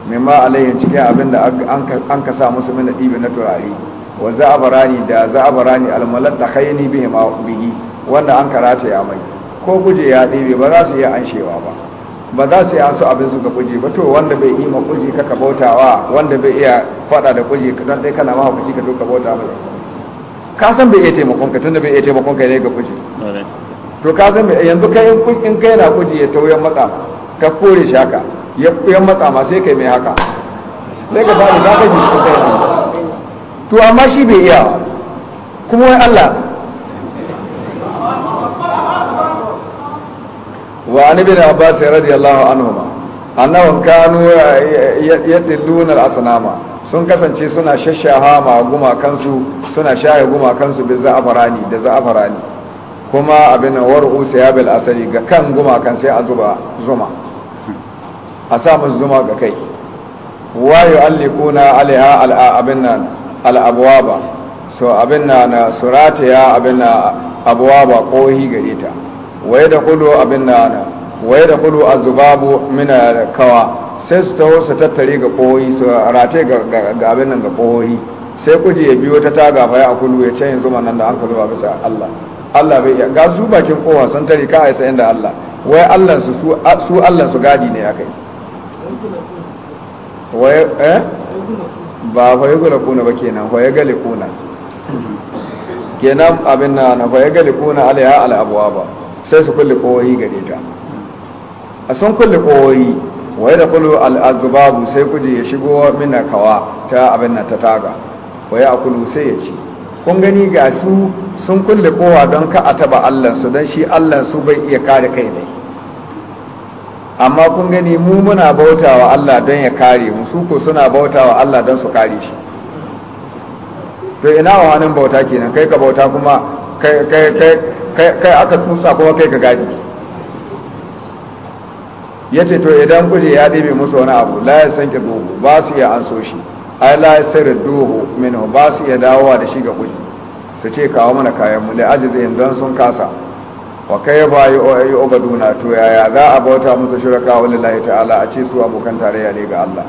mimma alayhi cikin abin da an ka sa musu min dibi na turare wa za'abarani da za'abarani almalat takhayyini bihi ma bihi wanda an karata ya mai ko guje ya dibi ba za su iya anshewa ba ba za su yi su abin su ga kuje ba to wanda bai yi ma kuje ka ka bautawa wanda bai iya fada da kuje ka dan dai kana ma kuje ka doka bauta ba ka san bai iya taimakon ka tunda bai iya taimakon ka ne ga kuje to ka san yanzu kai in kai na kuje ya tauyen matsa ka kore shi haka ya matsa ma sai kai mai haka sai ka faɗi za ka shi cikin kai to amma shi bai iya kuma wai Allah wa an ibn abbas radiyallahu ma annahum kanu yadilluna al-asnama sun kasance suna shashaha ma kansu suna shaye kansu bi za'farani da za'farani kuma abin ya siyabil asali ga kan gumakan sai a zuba zuma a sa musu zuma ga kai wayo allikuna aliha abin nan al'abuwa ba so abin na na surata ya abin na abuwa ba ƙohi ga ita waye da kudu abin na na waye da kudu a zubabu mina kawa sai su taho su tattare ga ƙohi su rate ga abin nan ga ƙohi sai kuje ya biyo ta taga fa a kudu ya ce zuma nan da an kudu a bisa Allah Allah bai iya ga su bakin kowa sun tare ka aisa inda Allah wai Allah su su Allah su gadi ne kai Eh? ba hoye gula kuna ba kenan hoye gali kuna kenan abin na na hoye gali kuna alaya al'abuwa ba sai su kulle kowayi gare ta a sun kulle kowayi waye da kulu al'azubabu sai kuje ya shigo mina kawa ta abin na ta taga waye a kulu sai ya ci kun gani ga su sun kulle kowa don ka a allansu don shi allansu bai iya kare kai ne amma kun gani mu muna bautawa Allah don ya kare mu su ko suna bautawa Allah don su kare shi to ina wa hannun bauta kenan kai ka bauta kuma kai aka tsutsa kuma kai ka gadi ya ce to idan kuje ya ɗebe musu wani abu la ya san duhu ba su iya an so shi ai la ya sirri duhu minu ba su iya dawowa da shi ga kuje su ce kawo mana kayan mu da ajiye don sun kasa wa kai ba yi obaduna to yaya za a bauta musu shirka wa lillahi ta'ala a ce su abokan tarayya ne ga Allah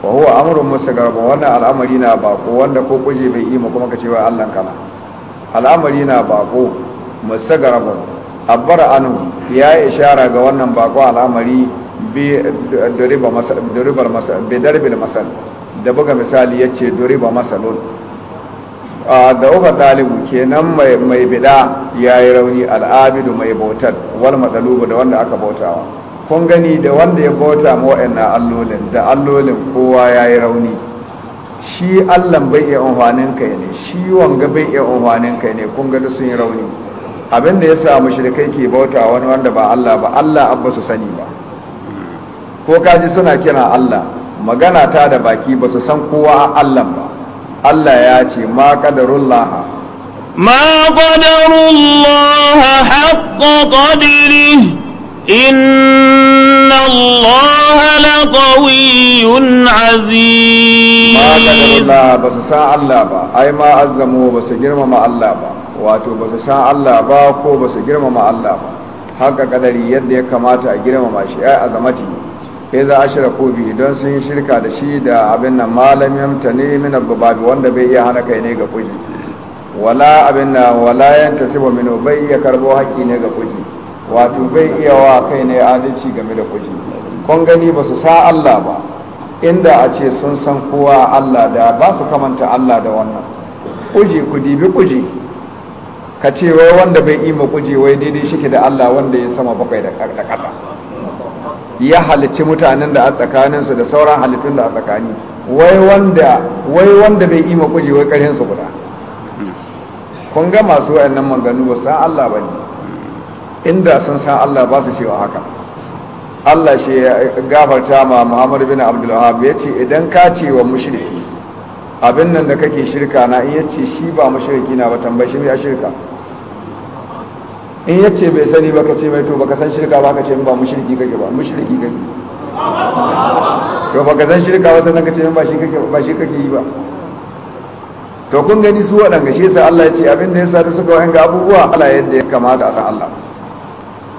wa huwa amrun mustagarba wannan al'amari na bako wanda ko kuje bai yi ma kuma ka ce wai Allah kana al'amari na bako mustagarba abbar anu ya ishara ga wannan bako al'amari bi duribar masal da buga misali yace duriba masalun da uba dalibu kenan mai biɗa ya yi rauni al'abidu mai bautar wal matsalubu da wanda aka bautawa kun gani da wanda ya bauta ma na allolin da allolin kowa ya yi rauni shi allan bai iya umarnin kai ne shi wanga bai iya umarnin kai ne kun gani sun yi rauni abin da ya samu kai ke bauta wani wanda ba Allah ba Allah abba su sani ba ko kaji suna kira Allah magana ta da baki ba su san kowa a Allah ba Allah ya ce ma kadarun laha ma kadarun laha haƙƙa ƙadiri inna Allah la ƙawiyun aziz ma kadarun laha ba su sa Allah ba ai ma azzamu ba su girmama Allah ba wato ba su sa Allah ba ko ba su girmama Allah ba haƙƙa ƙadari yadda ya kamata a girmama shi ai azamati idza ashraku bi don sun yi shirka da shi da abin nan malam ne min al-babi wanda bai iya hana kai ne ga kuji wala abin nan wala tasibu min bai iya karbo haƙi ne ga kuji wato bai iya wa kai ne adalci game da kuji kun gani ba su sa Allah ba inda a ce sun san kowa Allah da ba su kamanta Allah da wannan kuji ku bi kuji ka ce wai wanda bai ima kuji wai daidai shike da Allah wanda ya sama bakwai da ƙasa ya halicci mutanen da a tsakaninsu da sauran halittun da a tsakani wai wanda bai ima kuji wai karhin su guda kun ga masu wayannan manganu ba san Allah ne inda sun san Allah ba su cewa haka Allah shi ya gafarta ma Muhammad bin Abdul ya yace idan ka ce wa mushriki abin nan da kake shirka na iya ce shi ba mushriki na ba tambayi shi a shirka in ya ce bai sani baka ce mai to baka san shirka ba ka ce ba mushriki kake ba mushriki kake to baka san shirka ba sannan ka ce ba shi kake ba shi kake yi ba to kun gani su waɗanda shi yasa Allah ya ce abin da yasa da suka wa'in ga abubuwa Allah yadda ya kamata a san Allah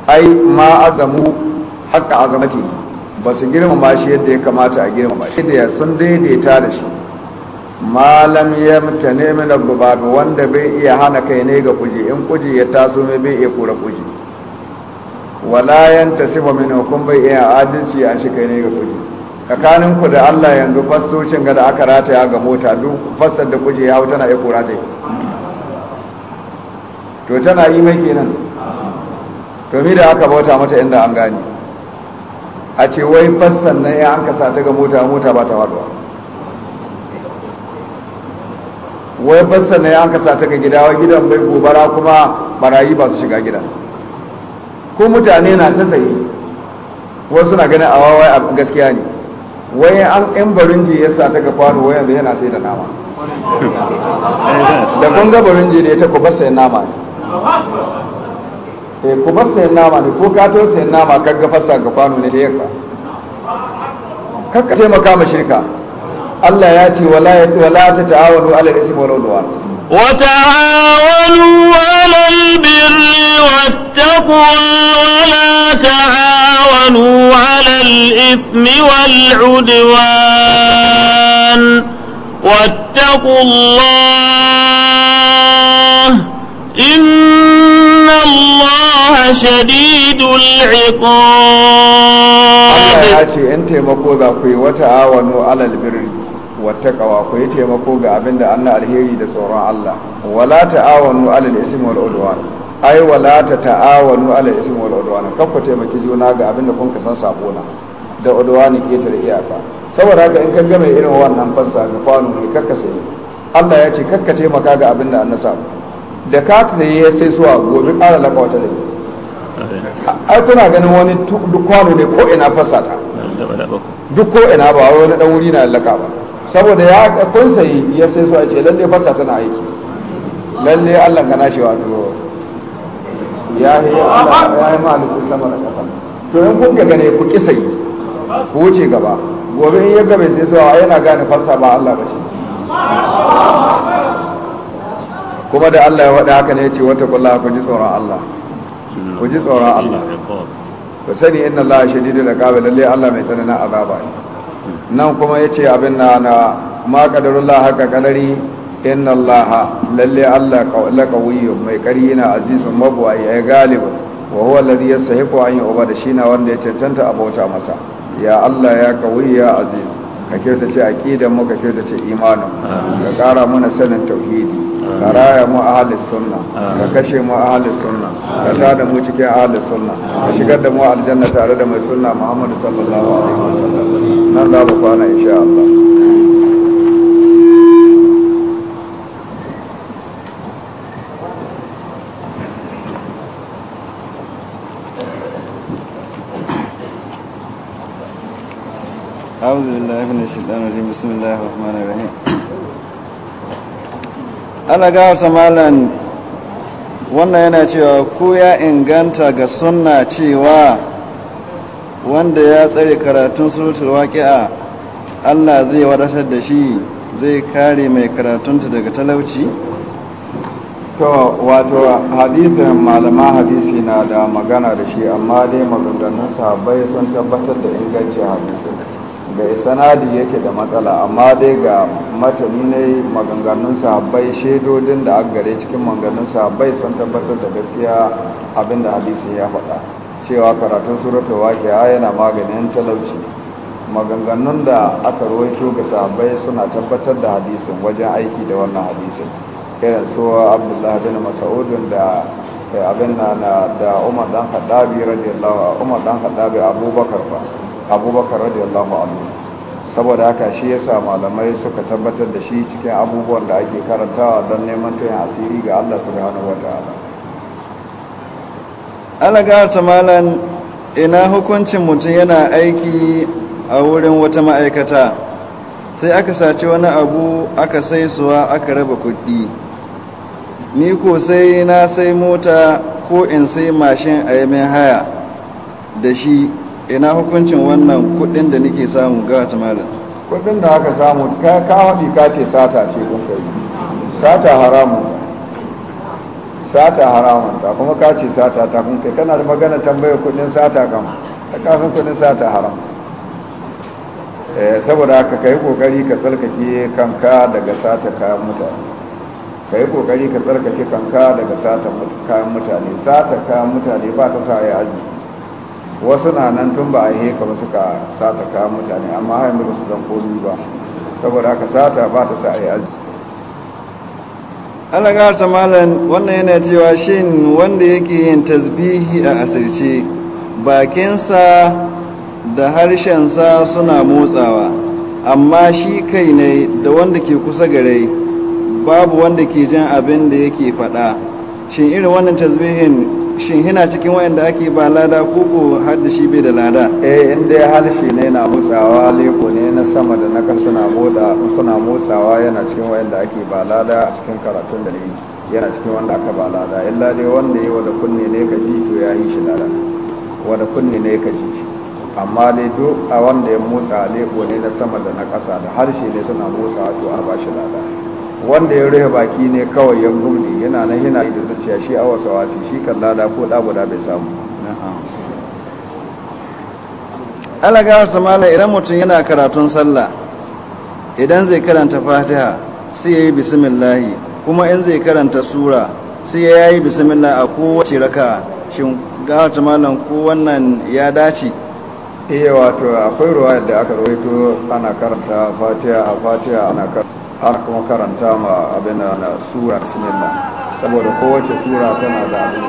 ai ma azamu haqqa azamati ba su girmama shi yadda ya kamata a girmama shi da sun daidaita da shi malam ya mutane min al-gubabi wanda bai iya hana kai ne ga kuji in kuji ya taso mai bai iya kura kuji wala yantasibu min hukum bai iya adalci a shi kai ne ga kuji tsakanin ku da Allah yanzu fassocin ga da aka rataya ga mota duk fassar da kuji ya hau tana iya kura ta to tana yi mai kenan to mi da aka bauta mata inda an gane a ce wai fassan nan ya an kasa ta ga mota mota ba ta waduwa. wai bassa ne an kasa ta ga gida wai gidan bai gobara kuma barayi ba su shiga gidan ko mutane na ta sayi wasu na ganin a wawai gaskiya ne wai an barin barinji ya sa ta ga kwano wai yanzu yana sai da nama da kun ga barinji ne ta ku bassa yin nama ne eh ku bassa yin nama ne ko ka to nama kan ga fassa ga kwano ne ta yanka kakka taimaka ma shirka الله ياتي ولا ولا تتعاونوا على الاثم والعدوان وتعاونوا على البر واتقوا ولا تعاونوا على الاثم والعدوان واتقوا الله ان الله شديد العقاب الله ياتي انت مقوده في وتعاونوا على البر wattaqawa ku yi taimako ga abin da anna alheri da tsoron Allah wala ta'awanu alal ismi wal udwan ai wala ta ta'awanu alal ismi wal udwan kan ku taimaki juna ga abin da kun ka san sabo na da udwani iyaka saboda haka in ka ga mai irin wannan fassa ga kwano ne kakka sai Allah ya ce kakka taimaka ga abin da annasa da ka ne ya sai suwa gobe ƙara laka wata da ai kuna ganin wani duk kwano ne ko ina fassa ta duk ko ina ba wani dan wuri na laka ba saboda ya kun sayi ya sai su a ce lalle fasa tana aiki lalle Allah gana shi wa duro ya yi ya yi sama da kasa to in kun gane ku ki sayi ku wuce gaba gobe in ya gabe sai a yana gane fasa ba Allah ba ce kuma da Allah ya wada haka ne ya ce wata kulla ku ji tsoron Allah ku ji tsoron Allah ku sani inna Allah shadidul iqab lalle Allah mai tsananin azaba ne nan kuma ya ce abin na na ma haka kadari inna Allah lalle Allah laƙawiyyu mai ƙari na azizun magwayi ya galibu wa huwa alladhi yastahiqu an shi, na wanda ya cancanta a bauta masa ya Allah ya kawai ya aziz ka kyautace aqidan mu ka kyautace imanin ka kara mana sanin tauhidi ka raya mu ahlus sunna ka kashe mu ahlus sunna ka tada mu cikin ahlus sunna ka shigar da mu aljanna tare da mai sunna muhammadu sallallahu alaihi wasallam nan da ba kwana insha Allah أعوذ بالله من malam wannan yana cewa ko ya inganta ga sunna cewa wanda ya tsare karatun suratul Waƙi'a, Allah zai wadatar da shi zai kare mai karatunta daga talauci to wato hadisin malama hadisi na da magana da shi amma dai maganganun sahabbai sun tabbatar da inganci hadisin ga sanadi yake da matsala amma dai ga matani ne maganganun sahabbai shaidodin da aka gare cikin maganganun sahabbai sun tabbatar da gaskiya abinda hadisin ya faɗa cewa karatun wake waqi'a yana maganin talauci maganganun da aka rawaito ga sahabbai suna tabbatar da hadisin wajen aiki da wannan hadisin irin su abdullahi bin mas'ud da eh, abin na da umar dan hadabi radiyallahu umar dan hadabi abubakar ba abubakar radiyallahu anhu saboda haka shi yasa malamai suka tabbatar da shi cikin abubuwan da ake karantawa don neman tayin asiri ga Allah subhanahu wataala alaga ta malan ina hukuncin mutum yana aiki a wurin wata ma'aikata sai aka sace wani abu aka sai suwa aka raba kuɗi ni ko sai na sai mota ko in sai mashin a yamin haya da shi ina hukuncin wannan kuɗin da nake samu ga malam kuɗin da aka samu ka haɗi ka ce sata ce kun sata haramun sata haramun ta kuma ka ce sata ta kuma kai kana da magana tambayar kuɗin sata kan ta kafin kuɗin sata haramun Eh, saboda haka ka yi ƙoƙari ka tsarkake kanka daga sata kayan mutane ka yi kokari ka tsarkake kanka daga sata kayan mutane sata kayan mutane ba ta sa ya arziki wasu na nan tun ba a yi heka wasu ka sata kayan mutane amma hain ba su zan komi ba saboda haka sata ba ta sa ya arziki alagar ta malam wannan yana cewa shin wanda yake yin tasbihi a asirce bakinsa da harshensa suna motsawa amma shi kai ne da wanda ke kusa gare babu wanda ke jan abin da yake faɗa shin irin wannan tasbihin shin hina cikin wayanda ake ba lada koko har da shi bai da lada eh in dai harshe ne na motsawa leko ne na sama da na kan suna motsawa yana cikin wayanda ake ba lada a cikin karatun da ne yana cikin wanda aka ba lada illa dai wanda ya da kunne ne ka ji to ya yi shi lada da kunne ne ka ji amma dai duk a wanda ya motsa lebo ne na sama da na ƙasa da harshe ne suna motsa to a ba shi lada wanda ya rufe baki ne kawai 'yan gumne yana nan yana da zuciya shi a wasa wasi shi kan lada ko da bai samu alagawar tamala idan mutum yana karatun sallah idan zai karanta fatiha sai ya yi bismillahi kuma in zai karanta sura sai ya yi bismillah a kowace raka shin gawar malam ko wannan ya dace iya eh, wato akwai ruwayar da aka rawaito ana karanta fatiya a fatiya ana karanta kuma karanta ma abin na sura bismillah saboda kowace sura tana da abin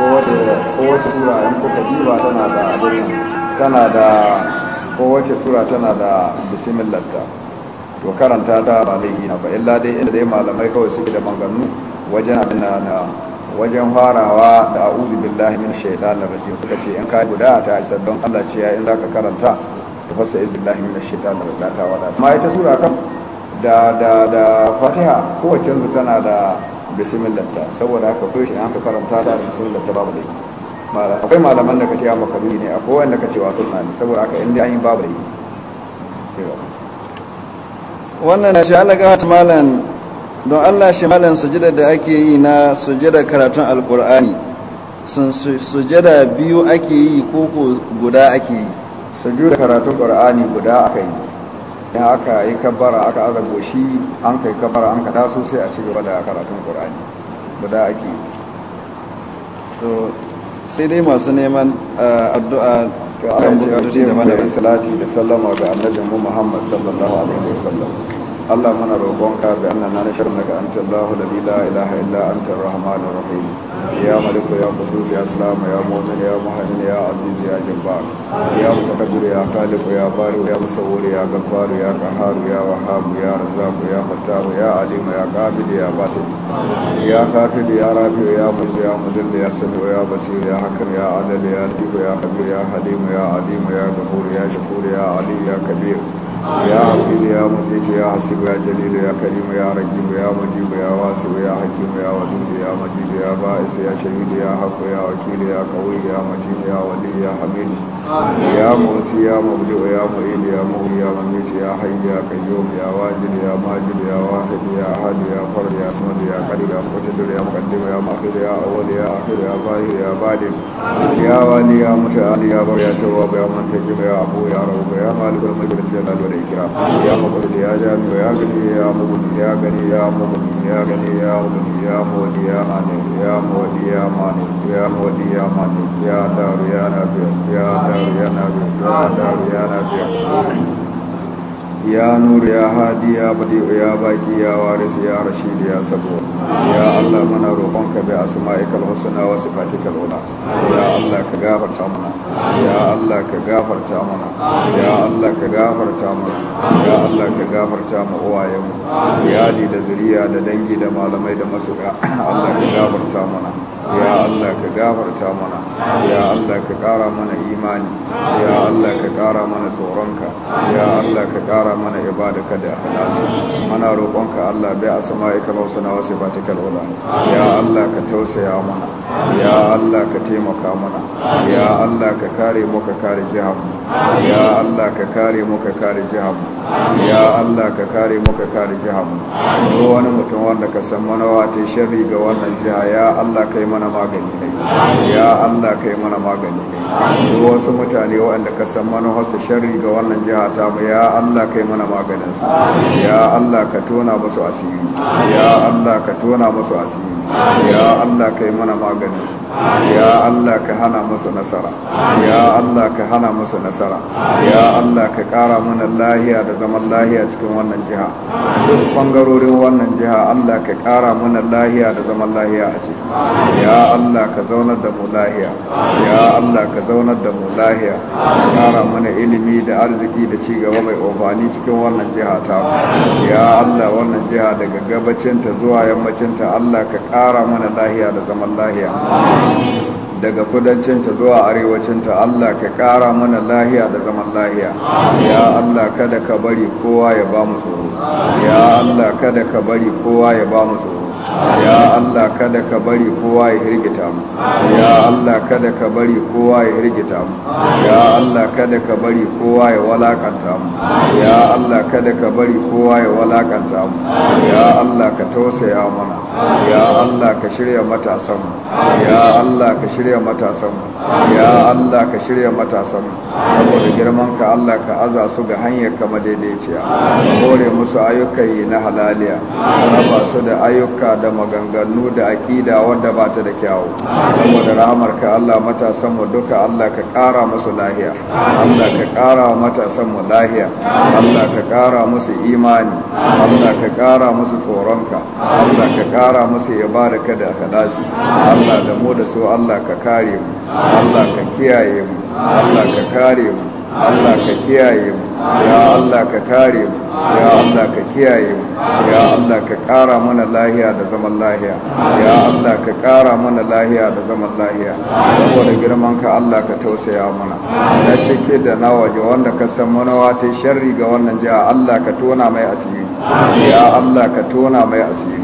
kowace kowace sura in kuka diba tana da abin nan tana da kowace sura tana da bismillah ta to karanta ta ba laifi na ba illa dai inda dai malamai kawai suke da manganu wajen abin na wajen farawa da a'udhu billahi min shaitanir rajim suka ce in ka guda ta isar don Allah ce ya in zaka karanta ka fasa iz billahi min shaitanir rajim ta wada amma ita sura kam da da da Fatiha kowace yanzu tana da bismillah ta saboda haka ko shi an ka karanta ta bismillah ta babu dai akwai malaman da kake cewa makaruhi ne akwai wanda kace wa sunna ne saboda haka inda an yi babu dai wannan na shi Allah ga malam don Allah shi malam sujada da ake yi na sujada karatun alkur'ani sun sujada biyu ake yi ko guda ake yi sujada karatun alkur'ani guda aka yi ya aka yi kabbara aka aza goshi an kai kabbara an kada sosai a cikin gaba da karatun alkur'ani guda ake yi to sai dai masu neman ah, addu'a kan bukatu daban-daban salati da sallama ga annabinmu Muhammad sallallahu alaihi wasallam Allah muna roƙonka bi annana nashrunaka anta Allahu alladhi la ilaha illa anta ar-rahmanur rahim ya maliku ya qudus ya salam ya mu'min ya muhaimin ya aziz ya jabbar ya mutakabbir ya khaliq ya bari ya musawwir ya ghaffar ya qahhar ya wahhab ya razzaq ya fattah ya alim ya qabil ya basir. ya qatil ya rafi ya muzi ya muzil ya sami ya basir ya hakim ya adil ya latif ya khabir ya halim ya alim ya ghafur ya shakur ya ali ya kabir ya hakimu ya mujitu ya hasibu ya jalilu ya karimu ya rajibu ya mujibu ya wasibu ya hakimu ya wadudu ya majibu ya ba'isu ya shahidu ya haku ya wakilu ya kawai ya matin ya wali ya hamidu ya musi ya mabdu ya mu'idu ya mu'u ya mamitu ya hayyu ya kayyum ya wajidu ya majidu ya wahidu ya hadu, ya fardu ya samadu ya qadir ya muqaddir ya muqaddim ya muakhir ya awwal ya akhir ya bayi, ya badin. ya wali ya muta'ali ya bar ya tawwab ya muntajib ya abu ya rabu ya malikul mulk jalal wal kira ya maqdud ya jami ya gani ya mubni ya gani ya mubni ya gani ya mubni ya mudi ya mani ya mudi ya mani ya mudi ya mani ya daru ya nabi ya daru ya nabi ya daru ya nabi ya nur ya hadi ya badi ya baki ya waris ya rashid ya sabu ya Allah muna roƙonka bi asma'ikal husna wa sifatikal ula ya Allah ka gafarta mana ya Allah ka gafarta mana ya Allah ka gafarta mana ya Allah ka gafarta mu uwayenmu iyali da zuriya da dangi da malamai da masoya Allah ka gafarta mana ya Allah ka gafarta mana ya Allah ka kara mana imani ya Allah ka kara mana tsoronka ya Allah ka kara mana ibadaka da ikhlasi mana roƙonka Allah bai asma'ika lausana ba sifatikal ula ya Allah ka tausaya mana ya Allah ka taimaka mana ya Allah ka kare mu ka kare jihar ya Allah ka kare mu ka kare jihar ya Allah ka kare mu ka kare jihar wani mutum wanda ka san manawa ta sharri ga wannan jiha ya Allah kai mana mana magani ne ya Allah kai mana magani ne duk wasu mutane waɗanda ka san wasu sharri ga wannan jiha ta mu ya Allah kai mana maganin su ya Allah ka tona musu asiri ya Allah ka tona musu asiri ya Allah kai mana maganin su ya Allah ka hana musu nasara ya Allah ka hana musu nasara ya Allah ka kara mana lahiya da zaman lahiya cikin wannan jiha duk bangarorin wannan jiha Allah ka kara mana lahiya da zaman lahiya a ciki ya Allah ka zaunar da mu lahiya ya Allah ka zaunar da mu lahiya kara mana ilimi da arziki da ci gaba mai amfani cikin wannan jiha ta ya Allah wannan jiha daga gabacin ta zuwa yammacin ta Allah ka kara mana lahiya da zaman lahiya daga kudancinta zuwa arewacinta Allah ka kara mana lahiya da zaman lahiya ya Allah kada ka bari kowa ya ba mu tsoro ya Allah kada ka bari kowa ya ba mu tsoro ya Allah kada ka bari kowa ya hirgita mu ya Allah kada ka bari kowa ya hirgita mu ya Allah kada ka bari kowa ya walakanta mu ya Allah kada ka bari kowa ya walakanta mu ya Allah ka tausaya mana ya Allah ka shirya matasan mu ya Allah ka shirya matasan mu ya Allah ka shirya matasan mu saboda girman ka Allah ka aza su ga hanyar ka daidaiciya kore musu ayyukan yi na halaliya ka raba su da ayyuka ayyuka da maganganu da aƙida wanda ba ta da kyawu saboda rahamar ka Allah matasan mu duka Allah ka ƙara musu lahiya Allah ka ƙara matasan mu lahiya Allah ka ƙara musu imani Allah ka ƙara musu tsoronka Allah ka ƙara musu ibadaka da khalasi Allah da mu da su Allah ka kare mu Allah ka kiyaye mu Allah ka kare mu Allah ka kiyaye mu ya Allah ka kare mu ya Allah ka kiyaye mu ya Allah ka kara mana lahiya da zaman lahiya ya Allah ka kara mana lahiya da zaman lahiya saboda girman ka Allah ka tausaya mana na cike da na waje wanda ka san mana ta sharri ga wannan jiha Allah ka tona mai asiri ya Allah ka tona mai asiri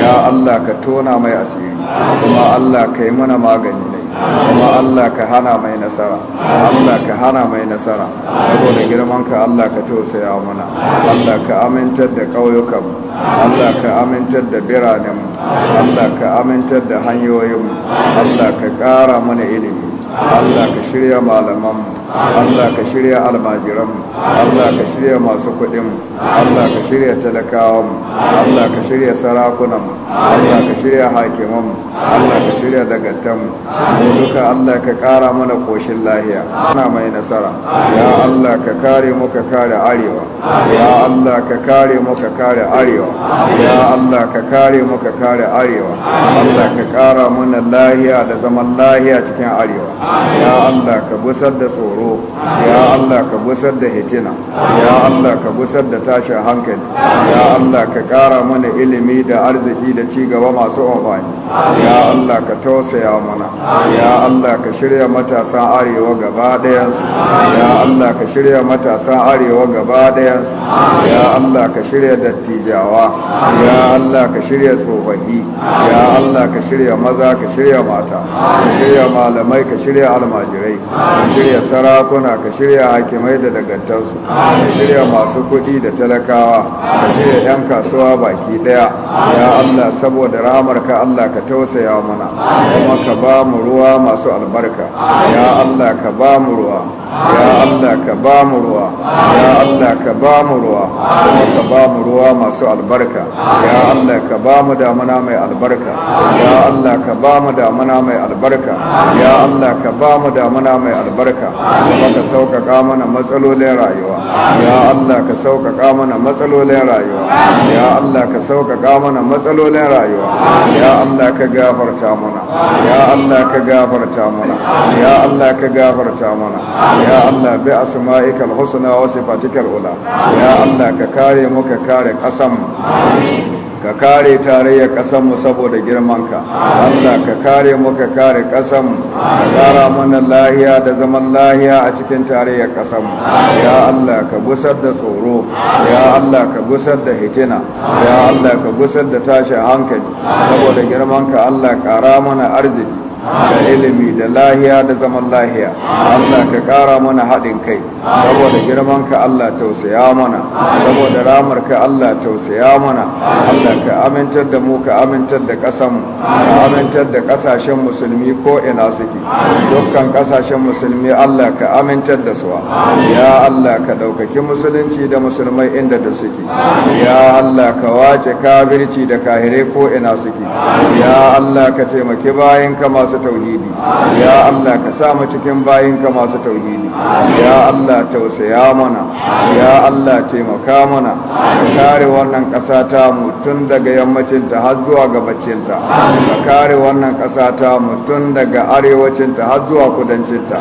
ya Allah ka tona mai asiri kuma Allah ka yi mana magani ne kuma Allah ka hana mai nasara Allah ka hana mai nasara saboda girman ka Allah ka tausaya mana Allah ka amintar da ƙauyukanmu Allah ka amintar da biranenmu Allah ka amintar da hanyoyinmu Allah ka ƙara mana ilimi Allah ka shirya malamanmu Allah ka shirya almajiranmu Allah ka shirya masu kuɗinmu Allah ka shirya talakawan. Allah ka shirya sarakunan. Allah ka shirya hakiman. Allah ka shirya dagattanmu mu duka Allah ka ƙara mana ƙoshin lahiya ana mai nasara ya Allah ka kare mu ka kare arewa ya Allah ka kare mu ka kare arewa ya Allah ka kare mu ka kare arewa Allah ka ƙara mana lahiya da zaman lahiya cikin arewa ya Allah ka busar da tsoro ya Allah ka busar da hitina ya Allah ka busar da tashin hankali ya Allah ka ƙara mana ilimi da arziki da ci gaba masu amfani ya Allah ka tausaya mana ya Allah ka shirya matasan arewa gaba dayansu ya Allah ka shirya matasan arewa gaba dayansu ya Allah ka shirya dattijawa ya Allah ka shirya tsofaffi ya Allah ka shirya maza ka shirya mata ka shirya malamai ka shirya shirya almajirai ka shirya sarakuna ka shirya hakimai da dagantarsu ka shirya masu kuɗi da talakawa ka shirya 'yan kasuwa baki ɗaya ya allah saboda ramarka allah ka tausaya mana kuma ka ba mu ruwa masu albarka ya allah ka ba mu ruwa ya allah ka ba mu ruwa ya allah ka ba mu ruwa kuma ka ba mu ruwa masu albarka ya allah ka ba mu damuna mai albarka ya allah ka ba mu damuna mai albarka ya allah ka ka ba mu damuna mai albarka kuma ka sauƙaƙa mana matsalolin rayuwa ya Allah ka sauƙaƙa mana matsalolin rayuwa ya Allah ka sauƙaƙa mana matsalolin rayuwa ya Allah ka gafarta mana ya Allah ka gafarta mana ya Allah ka gafarta mana ya Allah bi asma'ikal husna wa sifatikal ula ya Allah ka kare mu ka kare ƙasan mu ka kare tarayyar kasanmu saboda girmanka Allah ka kare mu ka kare Ka kara mana lahiya da zaman lahiya a cikin tarayyar kasanmu. ya Allah ka gusar da tsoro ya Allah ka gusar da hitina ya Allah ka gusar da tashin hankali saboda girmanka Allah kara mana arziki da ilimi da lahiya da zaman lahiya Allah ka ƙara mana haɗin kai saboda girman ka Allah tausaya mana saboda ramar ka Allah tausaya mana Allah ka amintar da mu ka amintar da ƙasanmu ka amintar da ƙasashen musulmi ko ina suke dukkan ƙasashen musulmi Allah ka amintar da su ya Allah ka ɗaukaki musulunci da musulmai inda da suke ya Allah ka wace kafirci da kahire ko ina suke ya Allah ka taimaki bayan ka masu masu tauhidi ya Allah ka sa mu cikin bayinka masu tauhidi ya Allah tausaya mana ya Allah taimaka mana ka kare wannan ƙasa ta tun daga yammacin ta har zuwa gabacin ta ka kare wannan ƙasa ta daga arewacin ta har zuwa kudancin ta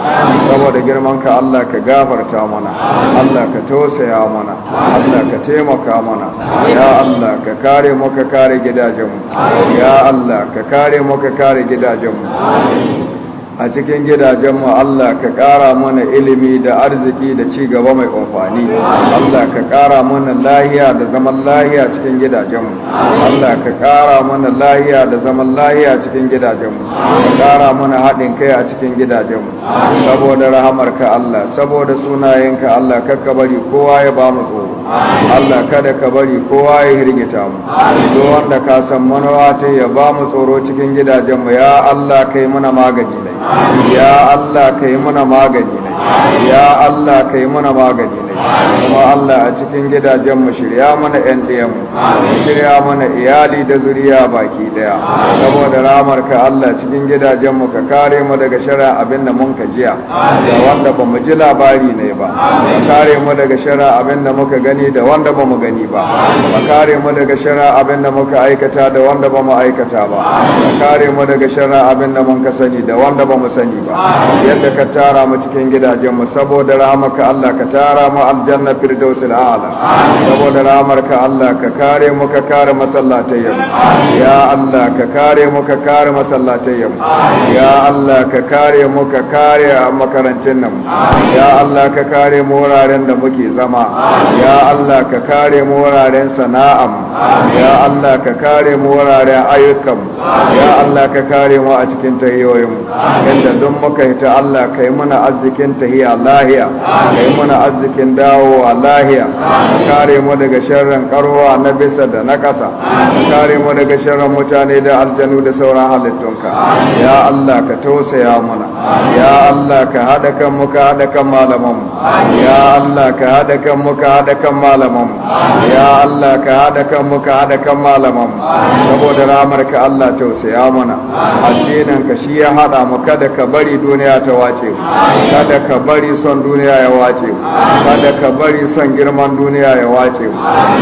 saboda girman ka Allah ka gafarta mana Allah ka tausaya mana Allah ka taimaka mana ya Allah ka kare mu ka kare gidajen mu. ya Allah ka kare mu ka kare gidajen mu. Amém. a cikin gidajenmu Allah ka ƙara mana ilimi da arziki da ci gaba mai amfani Allah ka ƙara mana lahiya da zaman lahiya cikin gidajenmu Allah ka ƙara mana lahiya da zaman lahiya cikin gidajenmu ka ƙara mana haɗin kai a cikin gidajenmu saboda rahamarka Allah saboda sunayenka Allah ka bari kowa ya ba mu tsoro Allah kada ka bari kowa ya hirgita mu duk wanda ka san manowa ya ba mu tsoro cikin gidajenmu ya Allah kai mana magani ne ya Allah ka yi muna magani ne ya Allah ka yi muna magani ne kuma Allah a cikin gidajen mu shirya mana yan mu shirya mana iyali da zuriya baki daya saboda ramar ka Allah cikin gidajen mu ka kare mu daga shara abin da mun ka jiya da wanda ba mu ji labari ne ba ka kare mu daga shara abin da muka gani da wanda ba mu gani ba ka kare mu daga shara abin da muka aikata da wanda ba mu aikata ba ka kare mu daga shara abin da mun ka sani da wanda ba ba mu sani ba yadda ka tara mu cikin gidajen mu saboda rahamaka Allah ka tara mu aljanna firdausil a'la saboda rahamarka Allah ka kare mu ka kare masallatai ya Allah ka kare mu ka kare masallatai ya Allah ka kare mu ka kare a makarantun nan ya Allah ka kare mu wuraren da muke zama ya Allah ka kare mu wuraren sana'am ya Allah ka kare mu wuraren ayyukan ya Allah ka kare mu a cikin tahiyoyin inda duk muka hita Allah kai mana arzikin tahiya lahiya kai mana arzikin dawowa lahiya ka kare mu daga sharrin karuwa na bisa da na ƙasa ka kare mu daga sharrin mutane da aljanu da sauran halittunka ya Allah ka tausaya mana ya Allah ka haɗa kan mu ka haɗa kan malaman ya Allah ka haɗa kan mu ka haɗa kan malaman ya Allah ka haɗa kan muka ka haɗa kan malaman saboda ramar ka Allah tausaya mana addinin ka shi ya haɗa mu kada ka bari duniya ta wace kada ka bari son duniya ya wace kada ka bari son girman duniya ya wace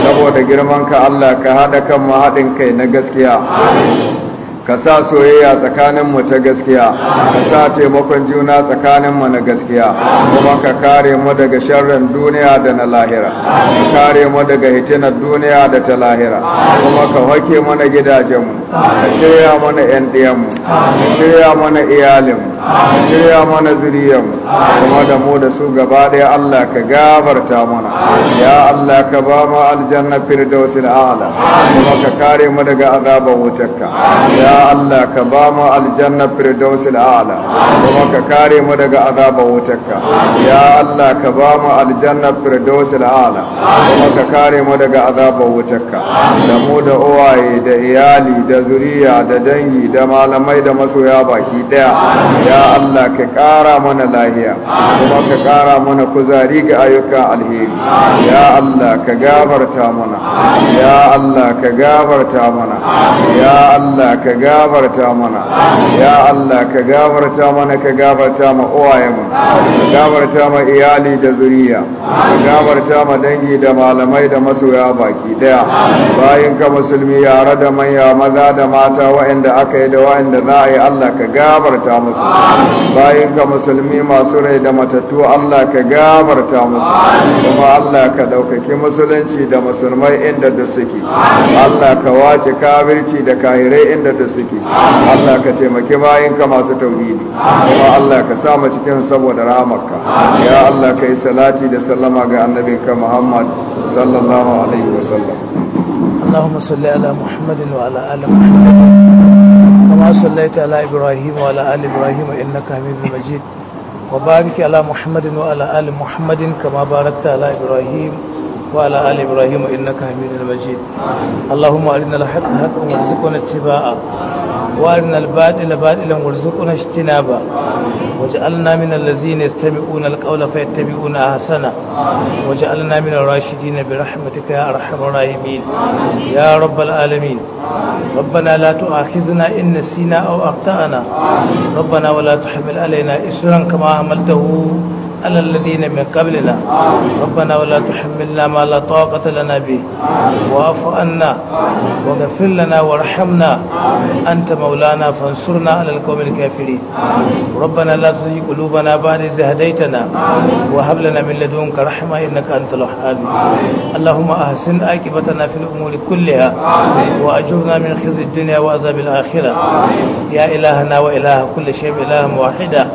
saboda girman ka Allah ka haɗa kan mu haɗin kai na gaskiya ka sa soyayya tsakaninmu ta gaskiya ka sa taimakon juna tsakaninmu na gaskiya kuma ka kare mu daga sharrin duniya da na lahira ka kare mu daga hitinar duniya da ta lahira kuma ka hake mana gidajenmu ka shirya mana 'yan ɗiyanmu ka shirya mana iyalinmu ka shirya mana zuriyanmu kuma da mu da su gaba ɗaya Allah ka gabarta mana ya Allah ka ba mu aljanna firdausil a'la kuma ka kare mu daga azabar wutarka ya ya Allah ka ba mu aljanna firdausil al'ala kuma ka kare mu daga azabar wutarka ya Allah ka ba mu aljanna firdausil al'ala kuma ka kare mu daga azabar wutarka da mu da uwaye da iyali da zuriya da dangi da malamai da masoya baki daya ya Allah ka kara mana lahiya kuma ka kara mana kuzari ga ayyuka alheri ya Allah ka gafarta mana ya Allah ka gafarta mana ya Allah ka gafarta mana ya Allah ka gafarta mana ka gafarta ma uwayenmu ka gafarta ma iyali da zuriya ka gafarta ma dangi da malamai da masoya baki daya bayan ka musulmi yare da manya maza da mata wa'anda aka yi da wa'anda za a yi Allah ka gafarta musu bayan ka musulmi masu rai da matattu Allah ka gafarta musu kuma Allah ka ɗaukaki musulunci da musulmai inda da suke Allah ka wace kafirci da kahirai inda da suke Allah ka taimake bayinka masu tauhidi kuma Allah ka samu cikin saboda ramarka ya Allah ka yi salati da sallama ga annabin ka Muhammad sallallahu alaihi wa sallam Allahumma salli ala Muhammad wa ala ali Muhammad kama sallaita ala Ibrahim wa ala ali Ibrahim innaka Hamidul Majid wa barik ala Muhammad wa ala ali Muhammad kama barakta ala Ibrahim وعلى آل إبراهيم إنك حميد مجيد اللهم أرنا الحق حقا وارزقنا اتباعه وارنا الباطل باطلا وارزقنا اجتنابا وجعلنا من الذين يستمعون القول فيتبعون احسنه وجعلنا من الراشدين برحمتك يا ارحم الراحمين يا رب العالمين ربنا لا تؤاخذنا ان نسينا او اخطانا ربنا ولا تحمل علينا اسرا كما حملته على الذين من قبلنا ربنا ولا تحملنا ما لا طاقة لنا به واعف عنا واغفر لنا وارحمنا أنت ما مولانا فانصرنا على القوم الكافرين ربنا لا تزغ قلوبنا بعد إذ هديتنا وهب لنا من لدنك رحمة إنك أنت الوهاب اللهم أحسن عاقبتنا في الأمور كلها وأجرنا من خزي الدنيا وعذاب الآخرة يا إلهنا وإله كل شيء إله واحدة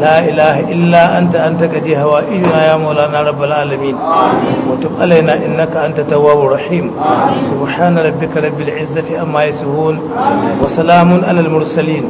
لا إله إلا أنت أنت قدي هوائجنا يا مولانا رب العالمين وتب علينا إنك أنت تواب رحيم سبحان ربك رب العزة أما يسهون وسلام وسلام على المرسلين